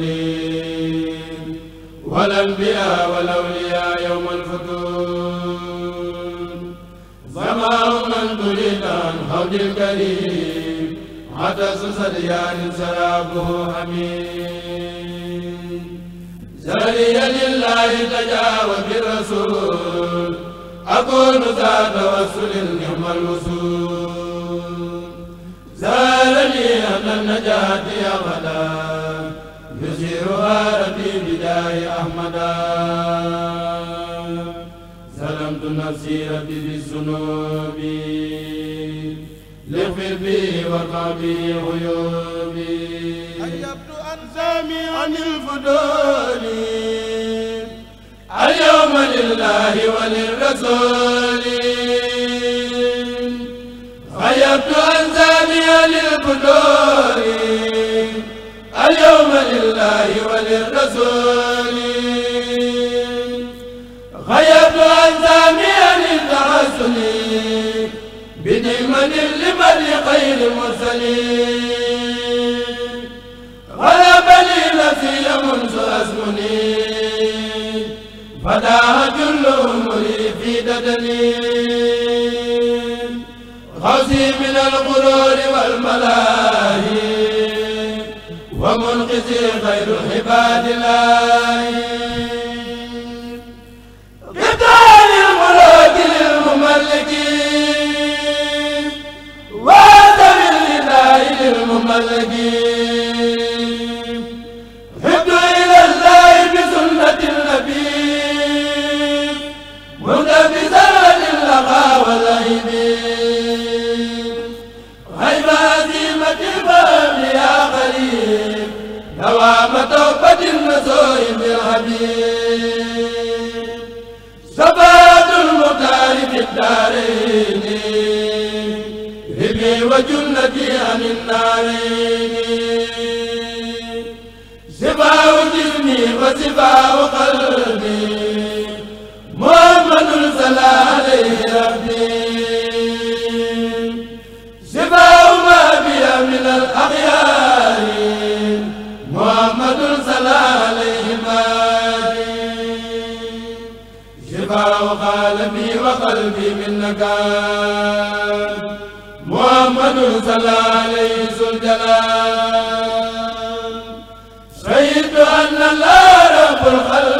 المرسلين والأنبياء والأولياء يوم الفتون زمان من تريد عن حوض الكريم عطس سريان سرابه أمين زريا لله تجاوز الرسول أكون ذا توسل يوم الوصول زارني أن النجاة أبدا أبشرها ربي بداي أحمدا ظلمت نصيرتي بالذنوب لغفر بي وارفع به غيوبي أجبت أنزامي عن الفضول اليوم لله وللرسول غيبت أنزامي عن الفضول لله وللرسول غيرت عن زامي للترسل بدمن لمن غير مرسلين غلب لي نفسي منذ أزمني فداها جل أمري في ددني غوثي من الغرور والملاهي ومنقذي غير عباد الله قتال الملوك للمملكين وادم الإله للمملكين هبت إلى الله بسنة النبي منتبذا للغى والأيام وتوبة النزول بالحبيب زباد المختار في الدارين ربي وجنتي عن النارين زباء جسمي وزباء قلبي محمد صلى عليه ربي زباء ما بي من الأخيار عالمي وقلبي من نكال محمد صلى عليه ذو الجلال شهدت أن الله رب الخلق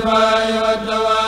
السماء والدواب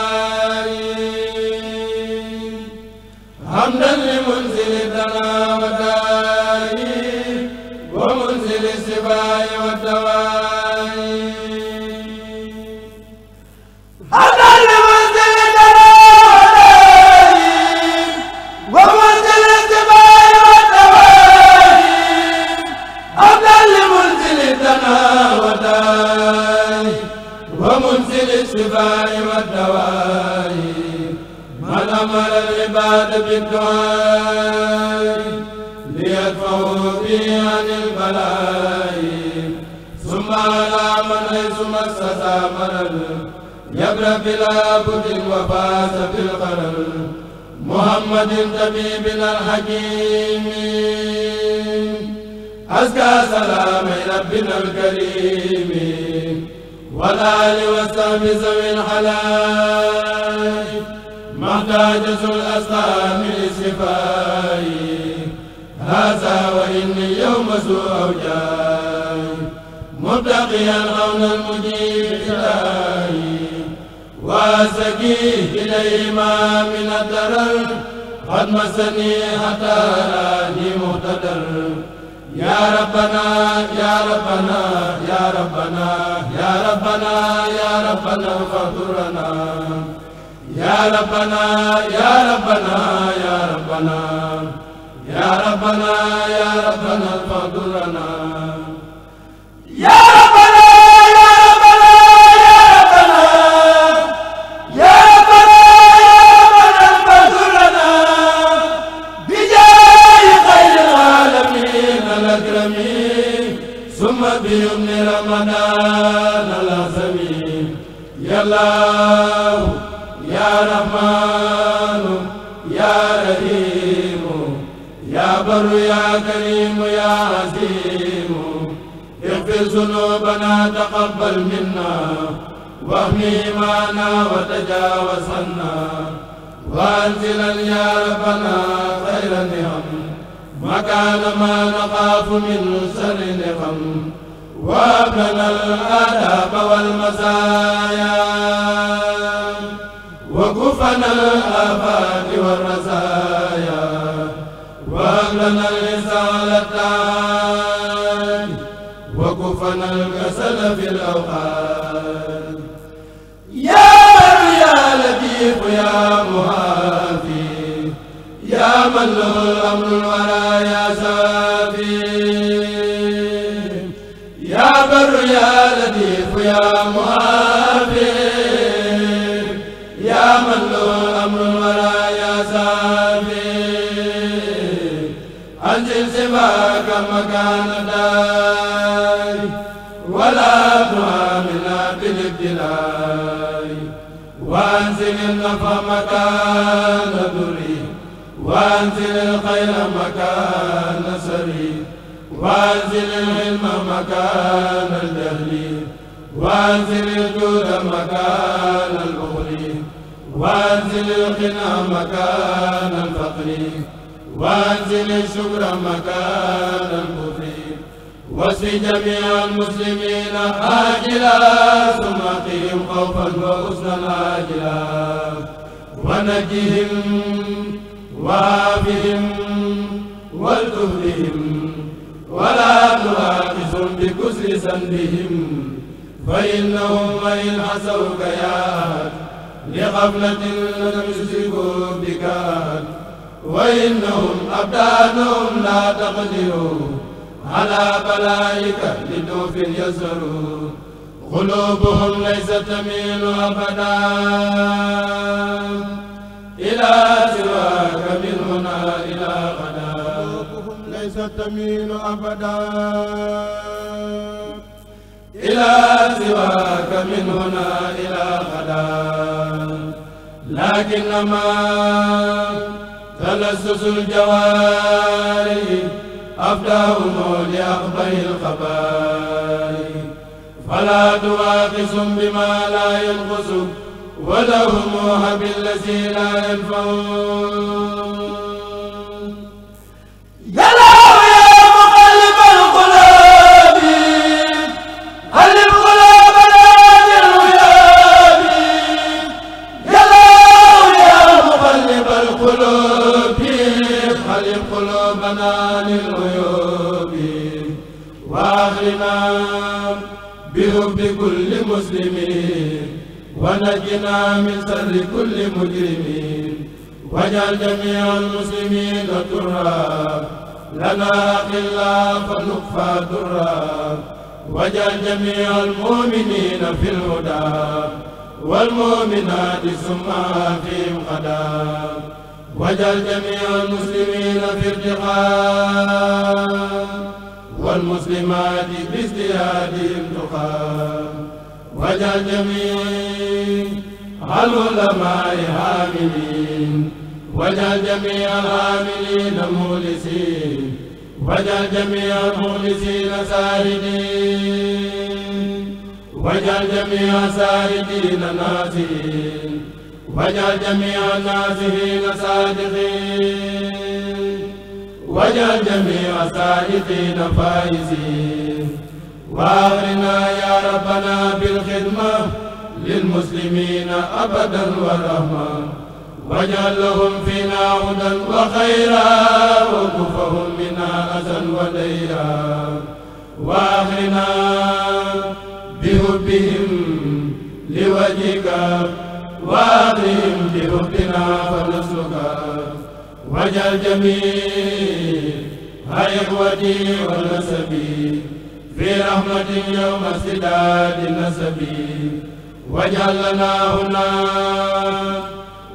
كل في بالقرن محمد الطبيب الحكيم أزكى سلام ربنا الكريم والآل والسلام ذوي الحلال محتاج الأسلام لشفاء هذا وإني يوم سوء أوجاي مبتقيا عون المجيب إلهي واسقيه إليهما من الضرر قد مسني هتاراني مهتدر يا ربنا يا ربنا يا ربنا يا ربنا يا ربنا فاغفرنا يا ربنا يا ربنا يا ربنا يا ربنا يا ربنا فاغفرنا يا من هنا إلى غدا لكنما تلسس الجواري أفداهم لأخبر الخبائر فلا تواقس بما لا ينقص ولهم هب الذي لا ينفعون كل مسلمين ونجنا من شر كل مجرمين واجعل جميع المسلمين ترا لنا إلا فنكفى درا واجعل جميع المؤمنين في الهدى والمؤمنات ثم فيهم غدا واجعل جميع المسلمين في ارتقاء والمسلمات بازديادهم تقام واجعل جميع العلماء عاملين واجعل جميع العاملين مولسين واجعل جميع المولسين ساردين واجعل جميع ساردين ناسين واجعل جميع النازحين صادقين واجعل جميع سائقين فائزين واغرنا يا ربنا بالخدمة للمسلمين أبدا ورحمة واجعل لهم فينا هدى وخيرا وكفهم منا أذى وليلا واغرنا بحبهم لوجهك واغرهم بحبنا فنسلك واجعل جميع إخوتي ونسبي في رحمة يوم سداد النسب واجعل لنا هنا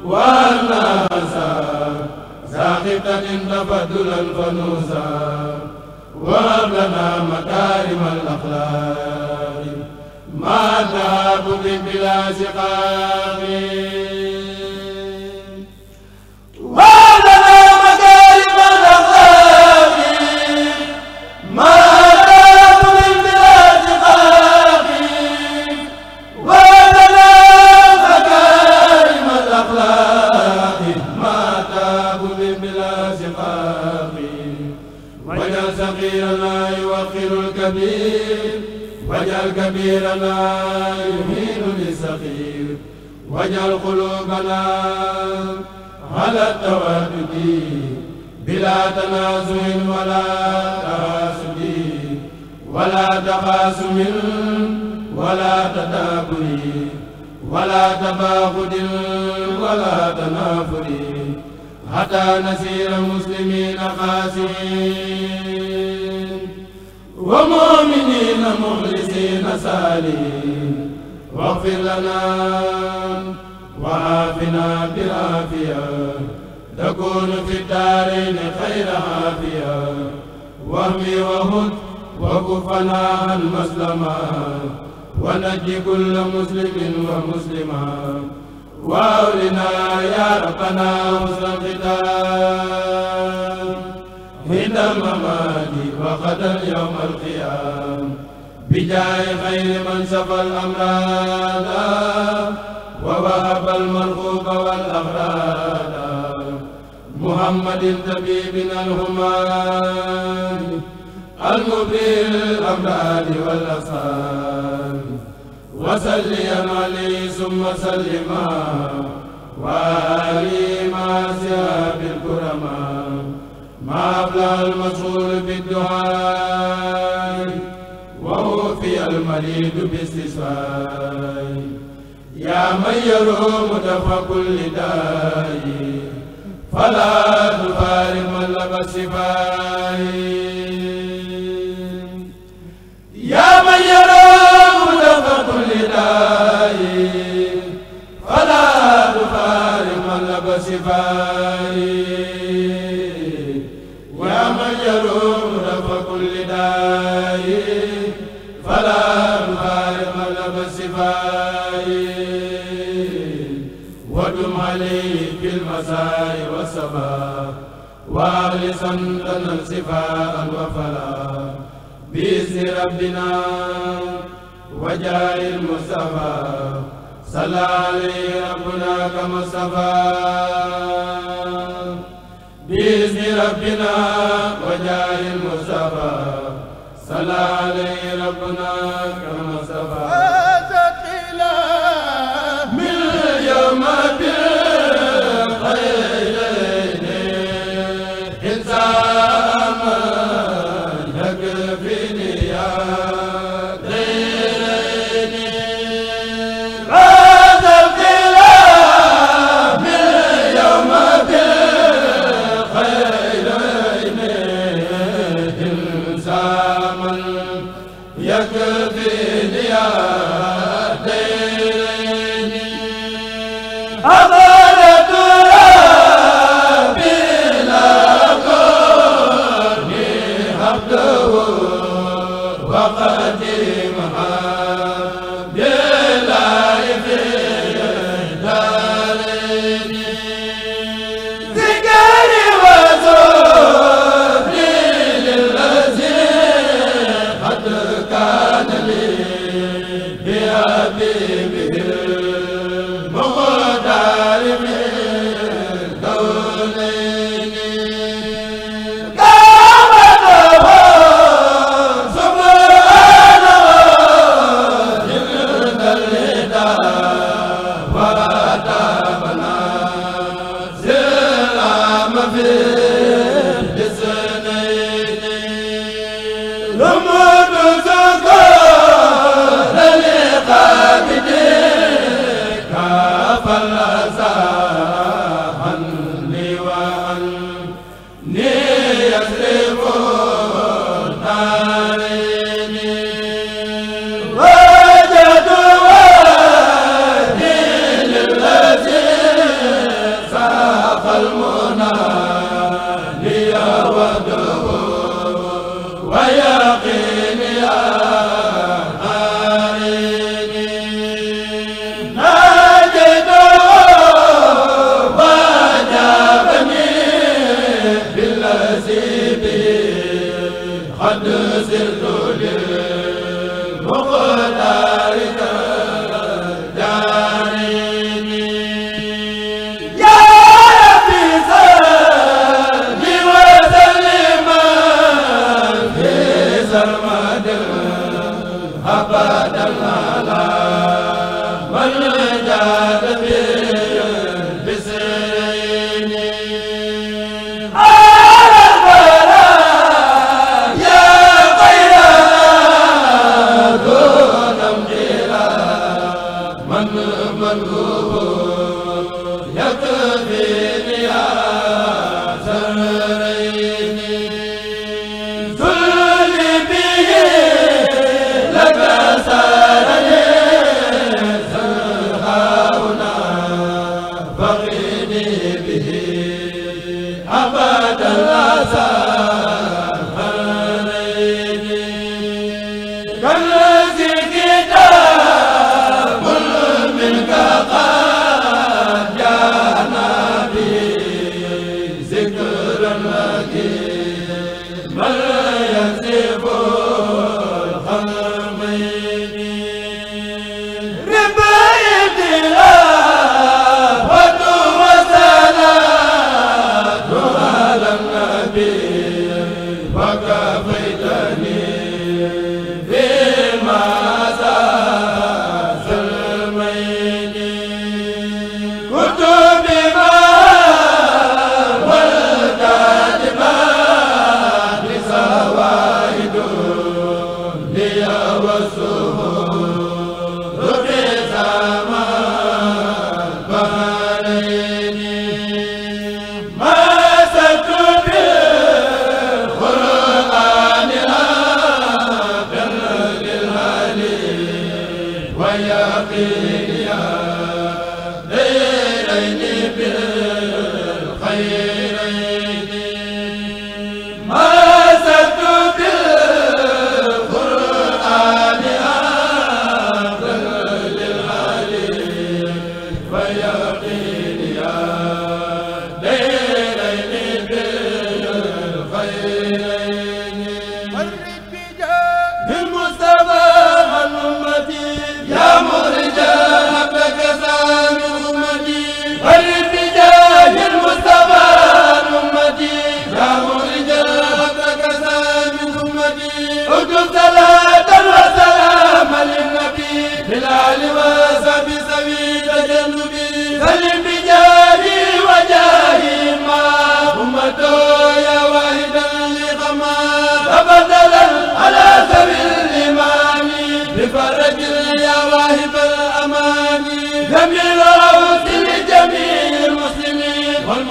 والناس ساقطة تفضلا فنوسا وهب لنا مكارم الأخلاق ما ذهب بلا سقاق no! صفا صلى عليه ربنا كما صفا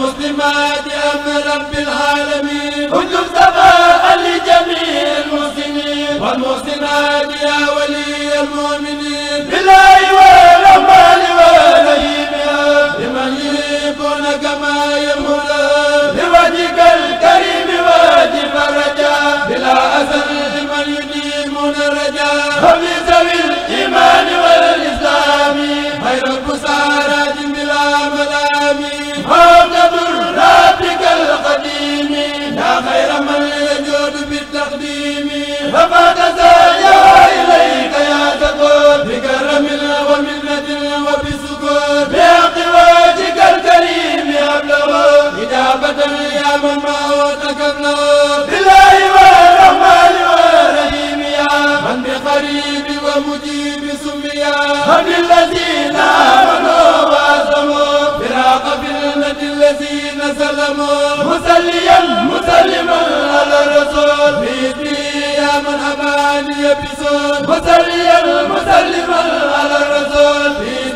المسلمات أمن رب العالمين كل سماء لجميع المسلمين والمحسنات يا ولي المؤمنين بالله والأموال والأيام لمن يحبون كما يمهل بوجهك الكريم واجب الرجاء بلا أسر لمن يديمون الرجاء من موتك النار بالله والرحمن والرحيم يا من بقريب ومجيب سمي هم للذين آمنوا وعزموا فراق بالنجي الذين سلموا مسليا مسلما على الرسول بيدي يا من أماني بسول مسليا مسلما على الرسول بيدي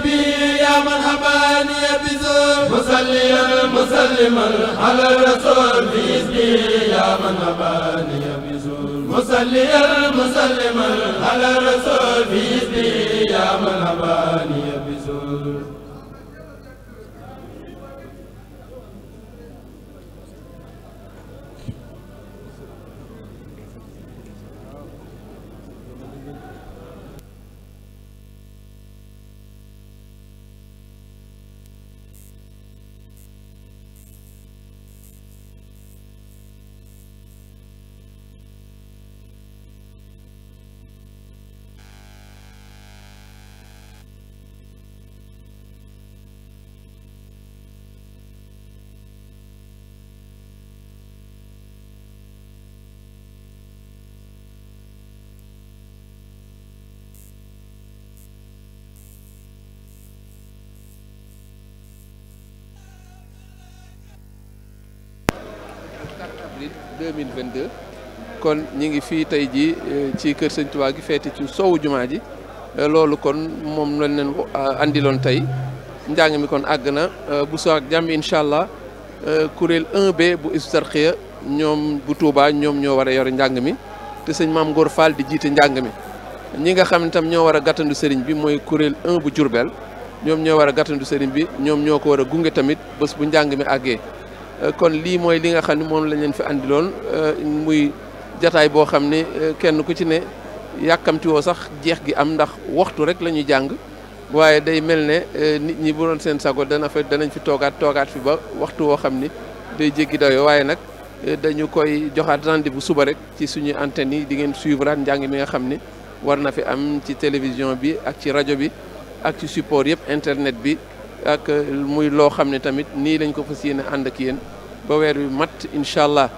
مسليا مسلما على الرسول بإذنه يا من أباني بزور مسليا مسلما على الرسول بإذنه يا من أباني بزور kon ñi ngi fii tey jii eh, ci kër sëñ Tuubaa gi feeti ci sowu jumaa ji eh, loolu kon moom lañ leen ah, andiloon tey njàng mi kon àgg na eh, bu soo ak jàmm incha allah kuréel 1 bu hizbut ñoom bu Touba ñoom ñoo war a yore njàng mi te sëñ Maam Ngor Fall di jiite njàng mi ñi nga xam ne tam ñoo war a gàttandu sëriñ bi mooy kuréel 1 bu Jurbel ñoom ñoo war a gàttandu sëriñ bi ñoom ñoo ko war a gunge tamit bés bu njàng mi àggee Euh, kon lii mooy li nga xam ne moom lañ leen fi andiloon euh, muy jataay boo xam ne euh, kenn ku ci ne yàkkamtiwoo sax jeex gi am ndax waxtu rek la ñuy jàng waaye day mel ne nit ñi bu seen sago dana fa danañ fi toogaat toogaat fi ba waxtu woo xam ni day jéggi dayo waaye nag dañu koy joxaat rendez bu suba rek ci suñuy antenne yi di ngeen suivraat njàng mi nga xam ni war na fi am ci télévision bi ak ci rajo bi ak ci support yëpp internet bi ak muy loo xam ne tamit nii lañ ko fas yéene ànd ak yéen ba weer wi mat incha allah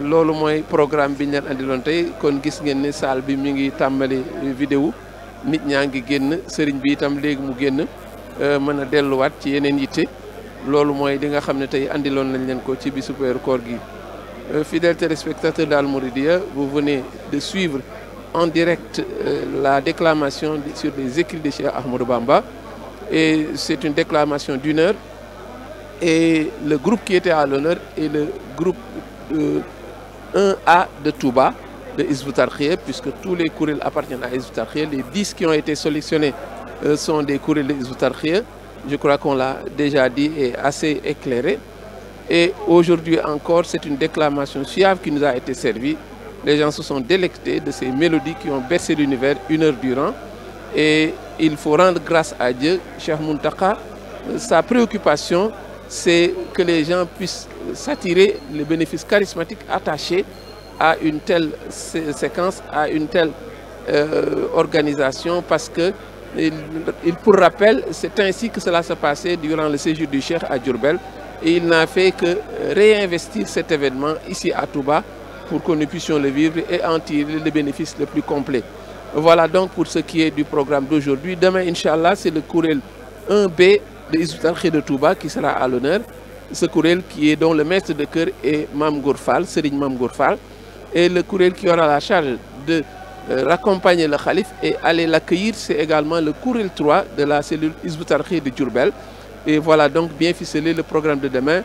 loolu mooy programme bi ñu andi andiloon tey kon gis ngeen ni salle bi mi ngi tàmbali vidéo nit ñaa ngi génn sëriñ bi itam léegi mu génn euh, mën a delluwaat ci yeneen yitte loolu mooy li nga xam ne tey andiloon lañ leen ko ci bisu weeru koor gi. Euh, fidèles téléspectateurs d'Al Mouridiyyah vous venez de suivre en direct euh, la déclamation sur les écrits de Cheikh Ahmadou Bamba. Et c'est une déclamation d'une heure. Et le groupe qui était à l'honneur est le groupe 1A de Touba, de Isboutar puisque tous les courriels appartiennent à Isboutar Les 10 qui ont été sélectionnés euh, sont des courriels de Je crois qu'on l'a déjà dit et assez éclairé. Et aujourd'hui encore, c'est une déclamation suave qui nous a été servie. Les gens se sont délectés de ces mélodies qui ont baissé l'univers une heure durant. Et il faut rendre grâce à Dieu, Cheikh Muntaka. Sa préoccupation, c'est que les gens puissent s'attirer les bénéfices charismatiques attachés à une telle séquence, à une telle euh, organisation, parce que, pour rappel, c'est ainsi que cela s'est passé durant le séjour du Cheikh à Djurbel, et il n'a fait que euh, réinvestir cet événement ici à Touba pour que nous puissions le vivre et en tirer les bénéfices les plus complets. Voilà donc pour ce qui est du programme d'aujourd'hui. Demain, Inch'Allah, c'est le courriel 1B de Isoutal de Touba qui sera à l'honneur. Ce courriel qui est dont le maître de cœur est Mam Gourfal, Serigne Mam Gourfal. Et le courriel qui aura la charge de euh, raccompagner le calife et aller l'accueillir, c'est également le courriel 3 de la cellule Isoutal de Djurbel. Et voilà donc bien ficelé le programme de demain.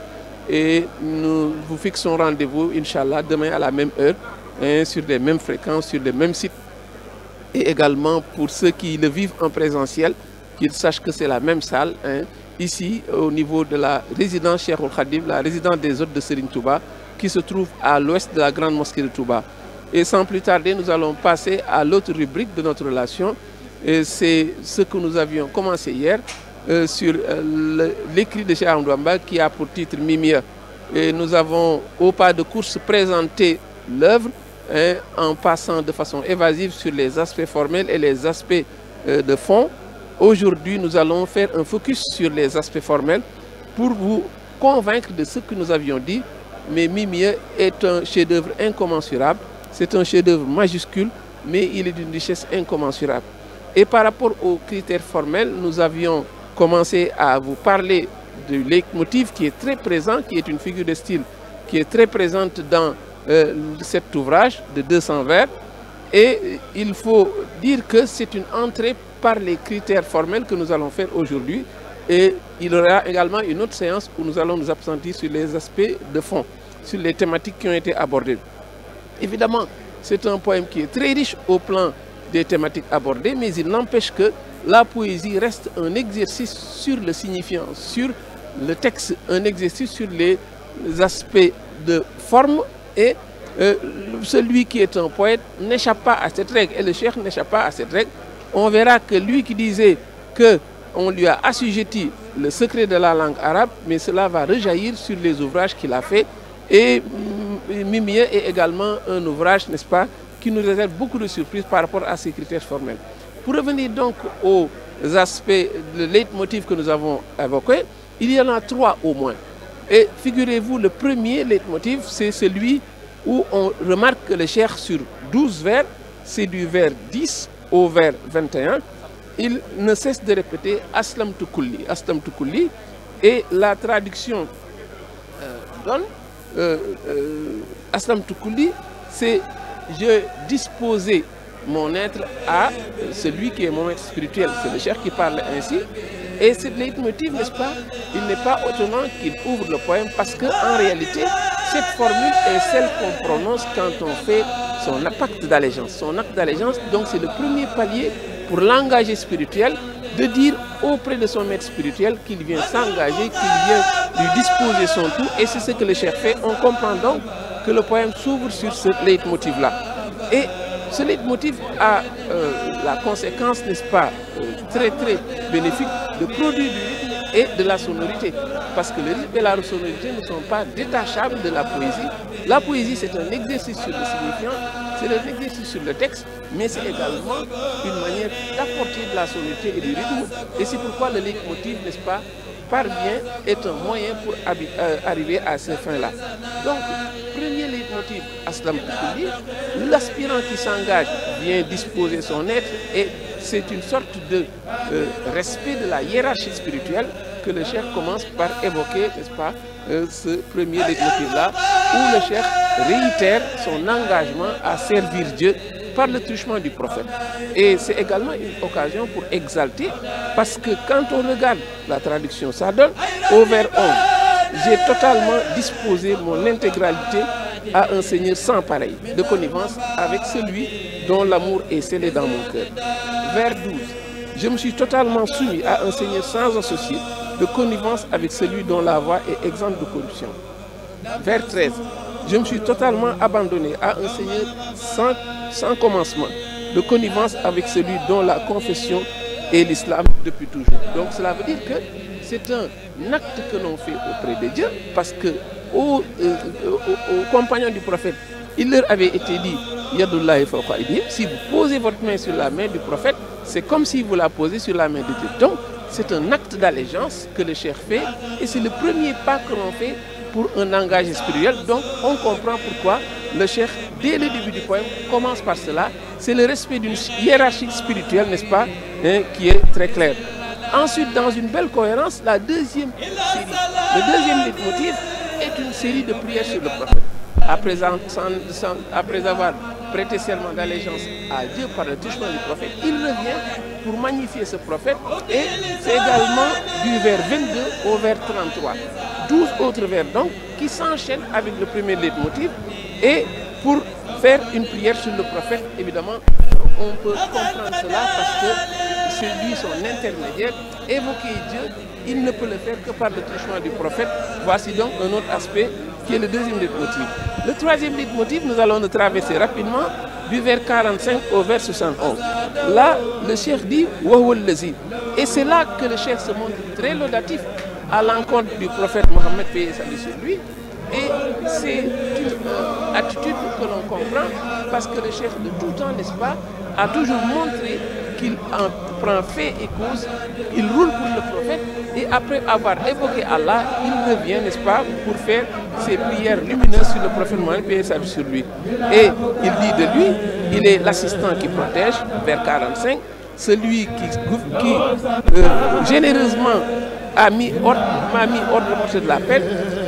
Et nous vous fixons rendez-vous, Inch'Allah, demain à la même heure, hein, sur les mêmes fréquences, sur les mêmes sites et également pour ceux qui le vivent en présentiel, qu'ils sachent que c'est la même salle. Hein, ici, au niveau de la résidence Cheikh Khadim, la résidence des hôtes de Serine Touba, qui se trouve à l'ouest de la grande mosquée de Touba. Et sans plus tarder, nous allons passer à l'autre rubrique de notre relation. C'est ce que nous avions commencé hier euh, sur euh, l'écrit de Cheikh Ndouamba qui a pour titre Mimia. Et nous avons, au pas de course, présenté l'œuvre en passant de façon évasive sur les aspects formels et les aspects euh, de fond. Aujourd'hui, nous allons faire un focus sur les aspects formels pour vous convaincre de ce que nous avions dit. Mais Mimieux est un chef-d'œuvre incommensurable, c'est un chef-d'œuvre majuscule, mais il est d'une richesse incommensurable. Et par rapport aux critères formels, nous avions commencé à vous parler du leitmotiv qui est très présent, qui est une figure de style qui est très présente dans euh, cet ouvrage de 200 vers et il faut dire que c'est une entrée par les critères formels que nous allons faire aujourd'hui et il y aura également une autre séance où nous allons nous absentir sur les aspects de fond, sur les thématiques qui ont été abordées. Évidemment, c'est un poème qui est très riche au plan des thématiques abordées, mais il n'empêche que la poésie reste un exercice sur le signifiant, sur le texte, un exercice sur les aspects de forme et euh, celui qui est un poète n'échappe pas à cette règle. Et le cheikh n'échappe pas à cette règle. On verra que lui qui disait que on lui a assujetti le secret de la langue arabe, mais cela va rejaillir sur les ouvrages qu'il a fait. Et mm, Mimie est également un ouvrage, n'est-ce pas, qui nous réserve beaucoup de surprises par rapport à ces critères formels. Pour revenir donc aux aspects, le leitmotiv que nous avons évoqué, il y en a trois au moins. Et figurez-vous, le premier leitmotiv, c'est celui où on remarque que le cher sur 12 vers, c'est du vers 10 au vers 21, il ne cesse de répéter Aslam Tukulli, Aslam et la traduction euh, donne euh, euh, Aslam Tukulli, c'est je disposais mon être à celui qui est mon être spirituel. C'est le cher qui parle ainsi. Et c'est leitmotiv, n'est-ce pas Il n'est pas autrement qu'il ouvre le poème parce qu'en réalité, cette formule est celle qu'on prononce quand on fait son acte d'allégeance. Son acte d'allégeance, donc c'est le premier palier pour l'engager spirituel, de dire auprès de son maître spirituel qu'il vient s'engager, qu'il vient lui disposer son tout. Et c'est ce que le cher fait. On comprend donc que le poème s'ouvre sur ce leitmotiv-là. Et ce leitmotiv a euh, la conséquence, n'est-ce pas, euh, très très bénéfique de produire du rythme et de la sonorité. Parce que le rythme et la sonorité ne sont pas détachables de la poésie. La poésie, c'est un exercice sur le signifiant, c'est un exercice sur le texte, mais c'est également une manière d'apporter de la sonorité et du rythme. Et c'est pourquoi le leitmotiv, n'est-ce pas, parvient, est un moyen pour euh, arriver à ces fins-là. Donc, à Aslam l'aspirant qui s'engage vient disposer son être et c'est une sorte de euh, respect de la hiérarchie spirituelle que le chef commence par évoquer, n'est-ce pas, euh, ce premier leitmotiv-là, où le chef réitère son engagement à servir Dieu par le truchement du prophète. Et c'est également une occasion pour exalter, parce que quand on regarde la traduction, ça donne au vers 11, j'ai totalement disposé mon intégralité à un Seigneur sans pareil, de connivence avec celui dont l'amour est scellé dans mon cœur. Vers 12. Je me suis totalement soumis à un Seigneur sans associé, de connivence avec celui dont la voix est exempte de corruption. Vers 13. Je me suis totalement abandonné à un Seigneur sans, sans commencement, de connivence avec celui dont la confession est l'islam depuis toujours. Donc cela veut dire que c'est un acte que l'on fait auprès de Dieu parce que aux, euh, euh, compagnons du prophète, il leur avait été dit, Yadullah si vous posez votre main sur la main du prophète, c'est comme si vous la posez sur la main de Dieu. Donc, c'est un acte d'allégeance que le cher fait et c'est le premier pas que l'on fait pour un langage spirituel. Donc, on comprend pourquoi le cher, dès le début du poème, commence par cela. C'est le respect d'une hiérarchie spirituelle, n'est-ce pas, hein, qui est très clair. Ensuite, dans une belle cohérence, la deuxième le deuxième leitmotiv, est une série de prières sur le prophète. Après, après avoir prêté serment d'allégeance à Dieu par le touchement du prophète, il revient pour magnifier ce prophète et c'est également du vers 22 au vers 33. 12 autres vers donc qui s'enchaînent avec le premier leitmotiv et pour faire une prière sur le prophète évidemment on peut comprendre cela parce que celui, son intermédiaire. Évoquer Dieu, il ne peut le faire que par le truchement du prophète. Voici donc un autre aspect qui est le deuxième leitmotiv. Le troisième leitmotiv, nous allons le traverser rapidement du vers 45 au vers 71. Là, le chef dit « Waouh lezi ». Et c'est là que le chef se montre très laudatif à l'encontre du prophète Mohammed, paix et salut sur lui, et c'est une euh, attitude que l'on comprend parce que le chef de tout temps, n'est-ce pas, a toujours montré qu'il en prend fait et cause, il roule pour le prophète et après avoir évoqué Allah, il revient, n'est-ce pas, pour faire ses prières lumineuses sur le prophète Mohamed, et sur lui. Et il dit de lui, il est l'assistant qui protège, vers 45, celui qui, euh, généreusement a mis ordre, m'a mis ordre de la peine,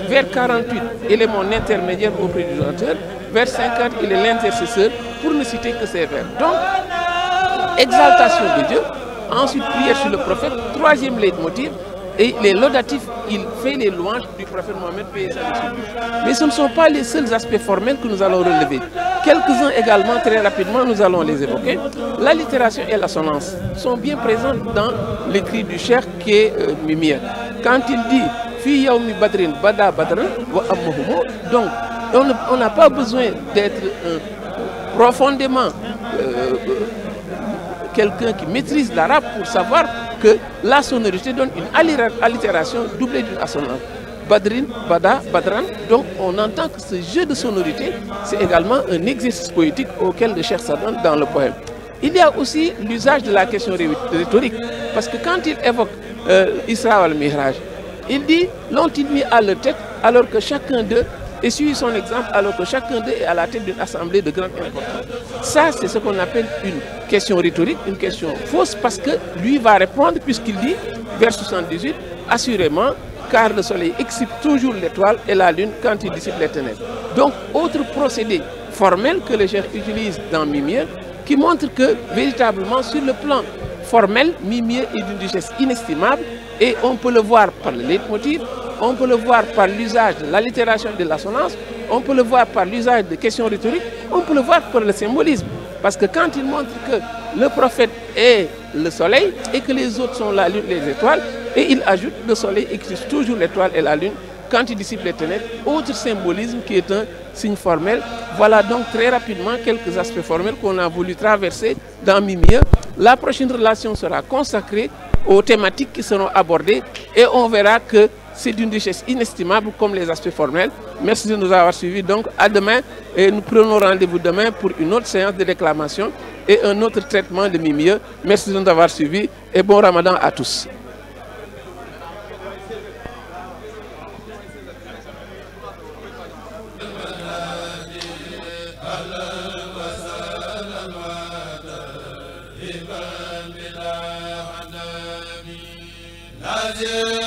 vers 48, il est mon intermédiaire auprès du auteur. Vers 50, il est l'intercesseur, pour ne citer que ces vers. Donc, exaltation de Dieu, ensuite prière sur le prophète, troisième leitmotiv, et les laudatifs, il fait les louanges du prophète Mohamed Mais ce ne sont pas les seuls aspects formels que nous allons relever. Quelques-uns également, très rapidement, nous allons les évoquer. L'allitération et l'assonance sont bien présentes dans l'écrit du cher qui est euh, Quand il dit Fi badrin bada Donc, on n'a pas besoin d'être euh, profondément euh, euh, quelqu'un qui maîtrise l'arabe pour savoir que la sonorité donne une allitération doublée d'une assonance. Badrin, Bada, Badran. Donc on entend que ce jeu de sonorité, c'est également un exercice poétique auquel le cher s'adonne dans le poème. Il y a aussi l'usage de la question rhétorique, parce que quand il évoque Israël mirage. mihraj il dit, l'ont-ils mis à leur tête alors que chacun d'eux, et suit son exemple alors que chacun d'eux est à la tête d'une assemblée de grande importance. Ça, c'est ce qu'on appelle une question rhétorique, une question fausse, parce que lui va répondre puisqu'il dit, vers 78, assurément, car le soleil excite toujours l'étoile et la lune quand il dissipe les ténèbres. Donc, autre procédé formel que les chefs utilisent dans Mimier, qui montre que, véritablement, sur le plan formel, Mimier est d'une richesse inestimable, et on peut le voir par le leitmotiv, on peut le voir par l'usage de l'allitération de l'assonance, on peut le voir par l'usage de questions rhétoriques, on peut le voir par le symbolisme. Parce que quand il montre que le prophète est le soleil et que les autres sont la lune les étoiles, et il ajoute le soleil existe toujours l'étoile et la lune quand il dissipe les ténèbres, autre symbolisme qui est un signe formel. Voilà donc très rapidement quelques aspects formels qu'on a voulu traverser dans Mimieux. La prochaine relation sera consacrée aux thématiques qui seront abordées et on verra que c'est d'une richesse inestimable comme les aspects formels. Merci de nous avoir suivis. Donc à demain et nous prenons rendez-vous demain pour une autre séance de réclamation et un autre traitement de mi Merci de nous avoir suivis et bon ramadan à tous. Yeah.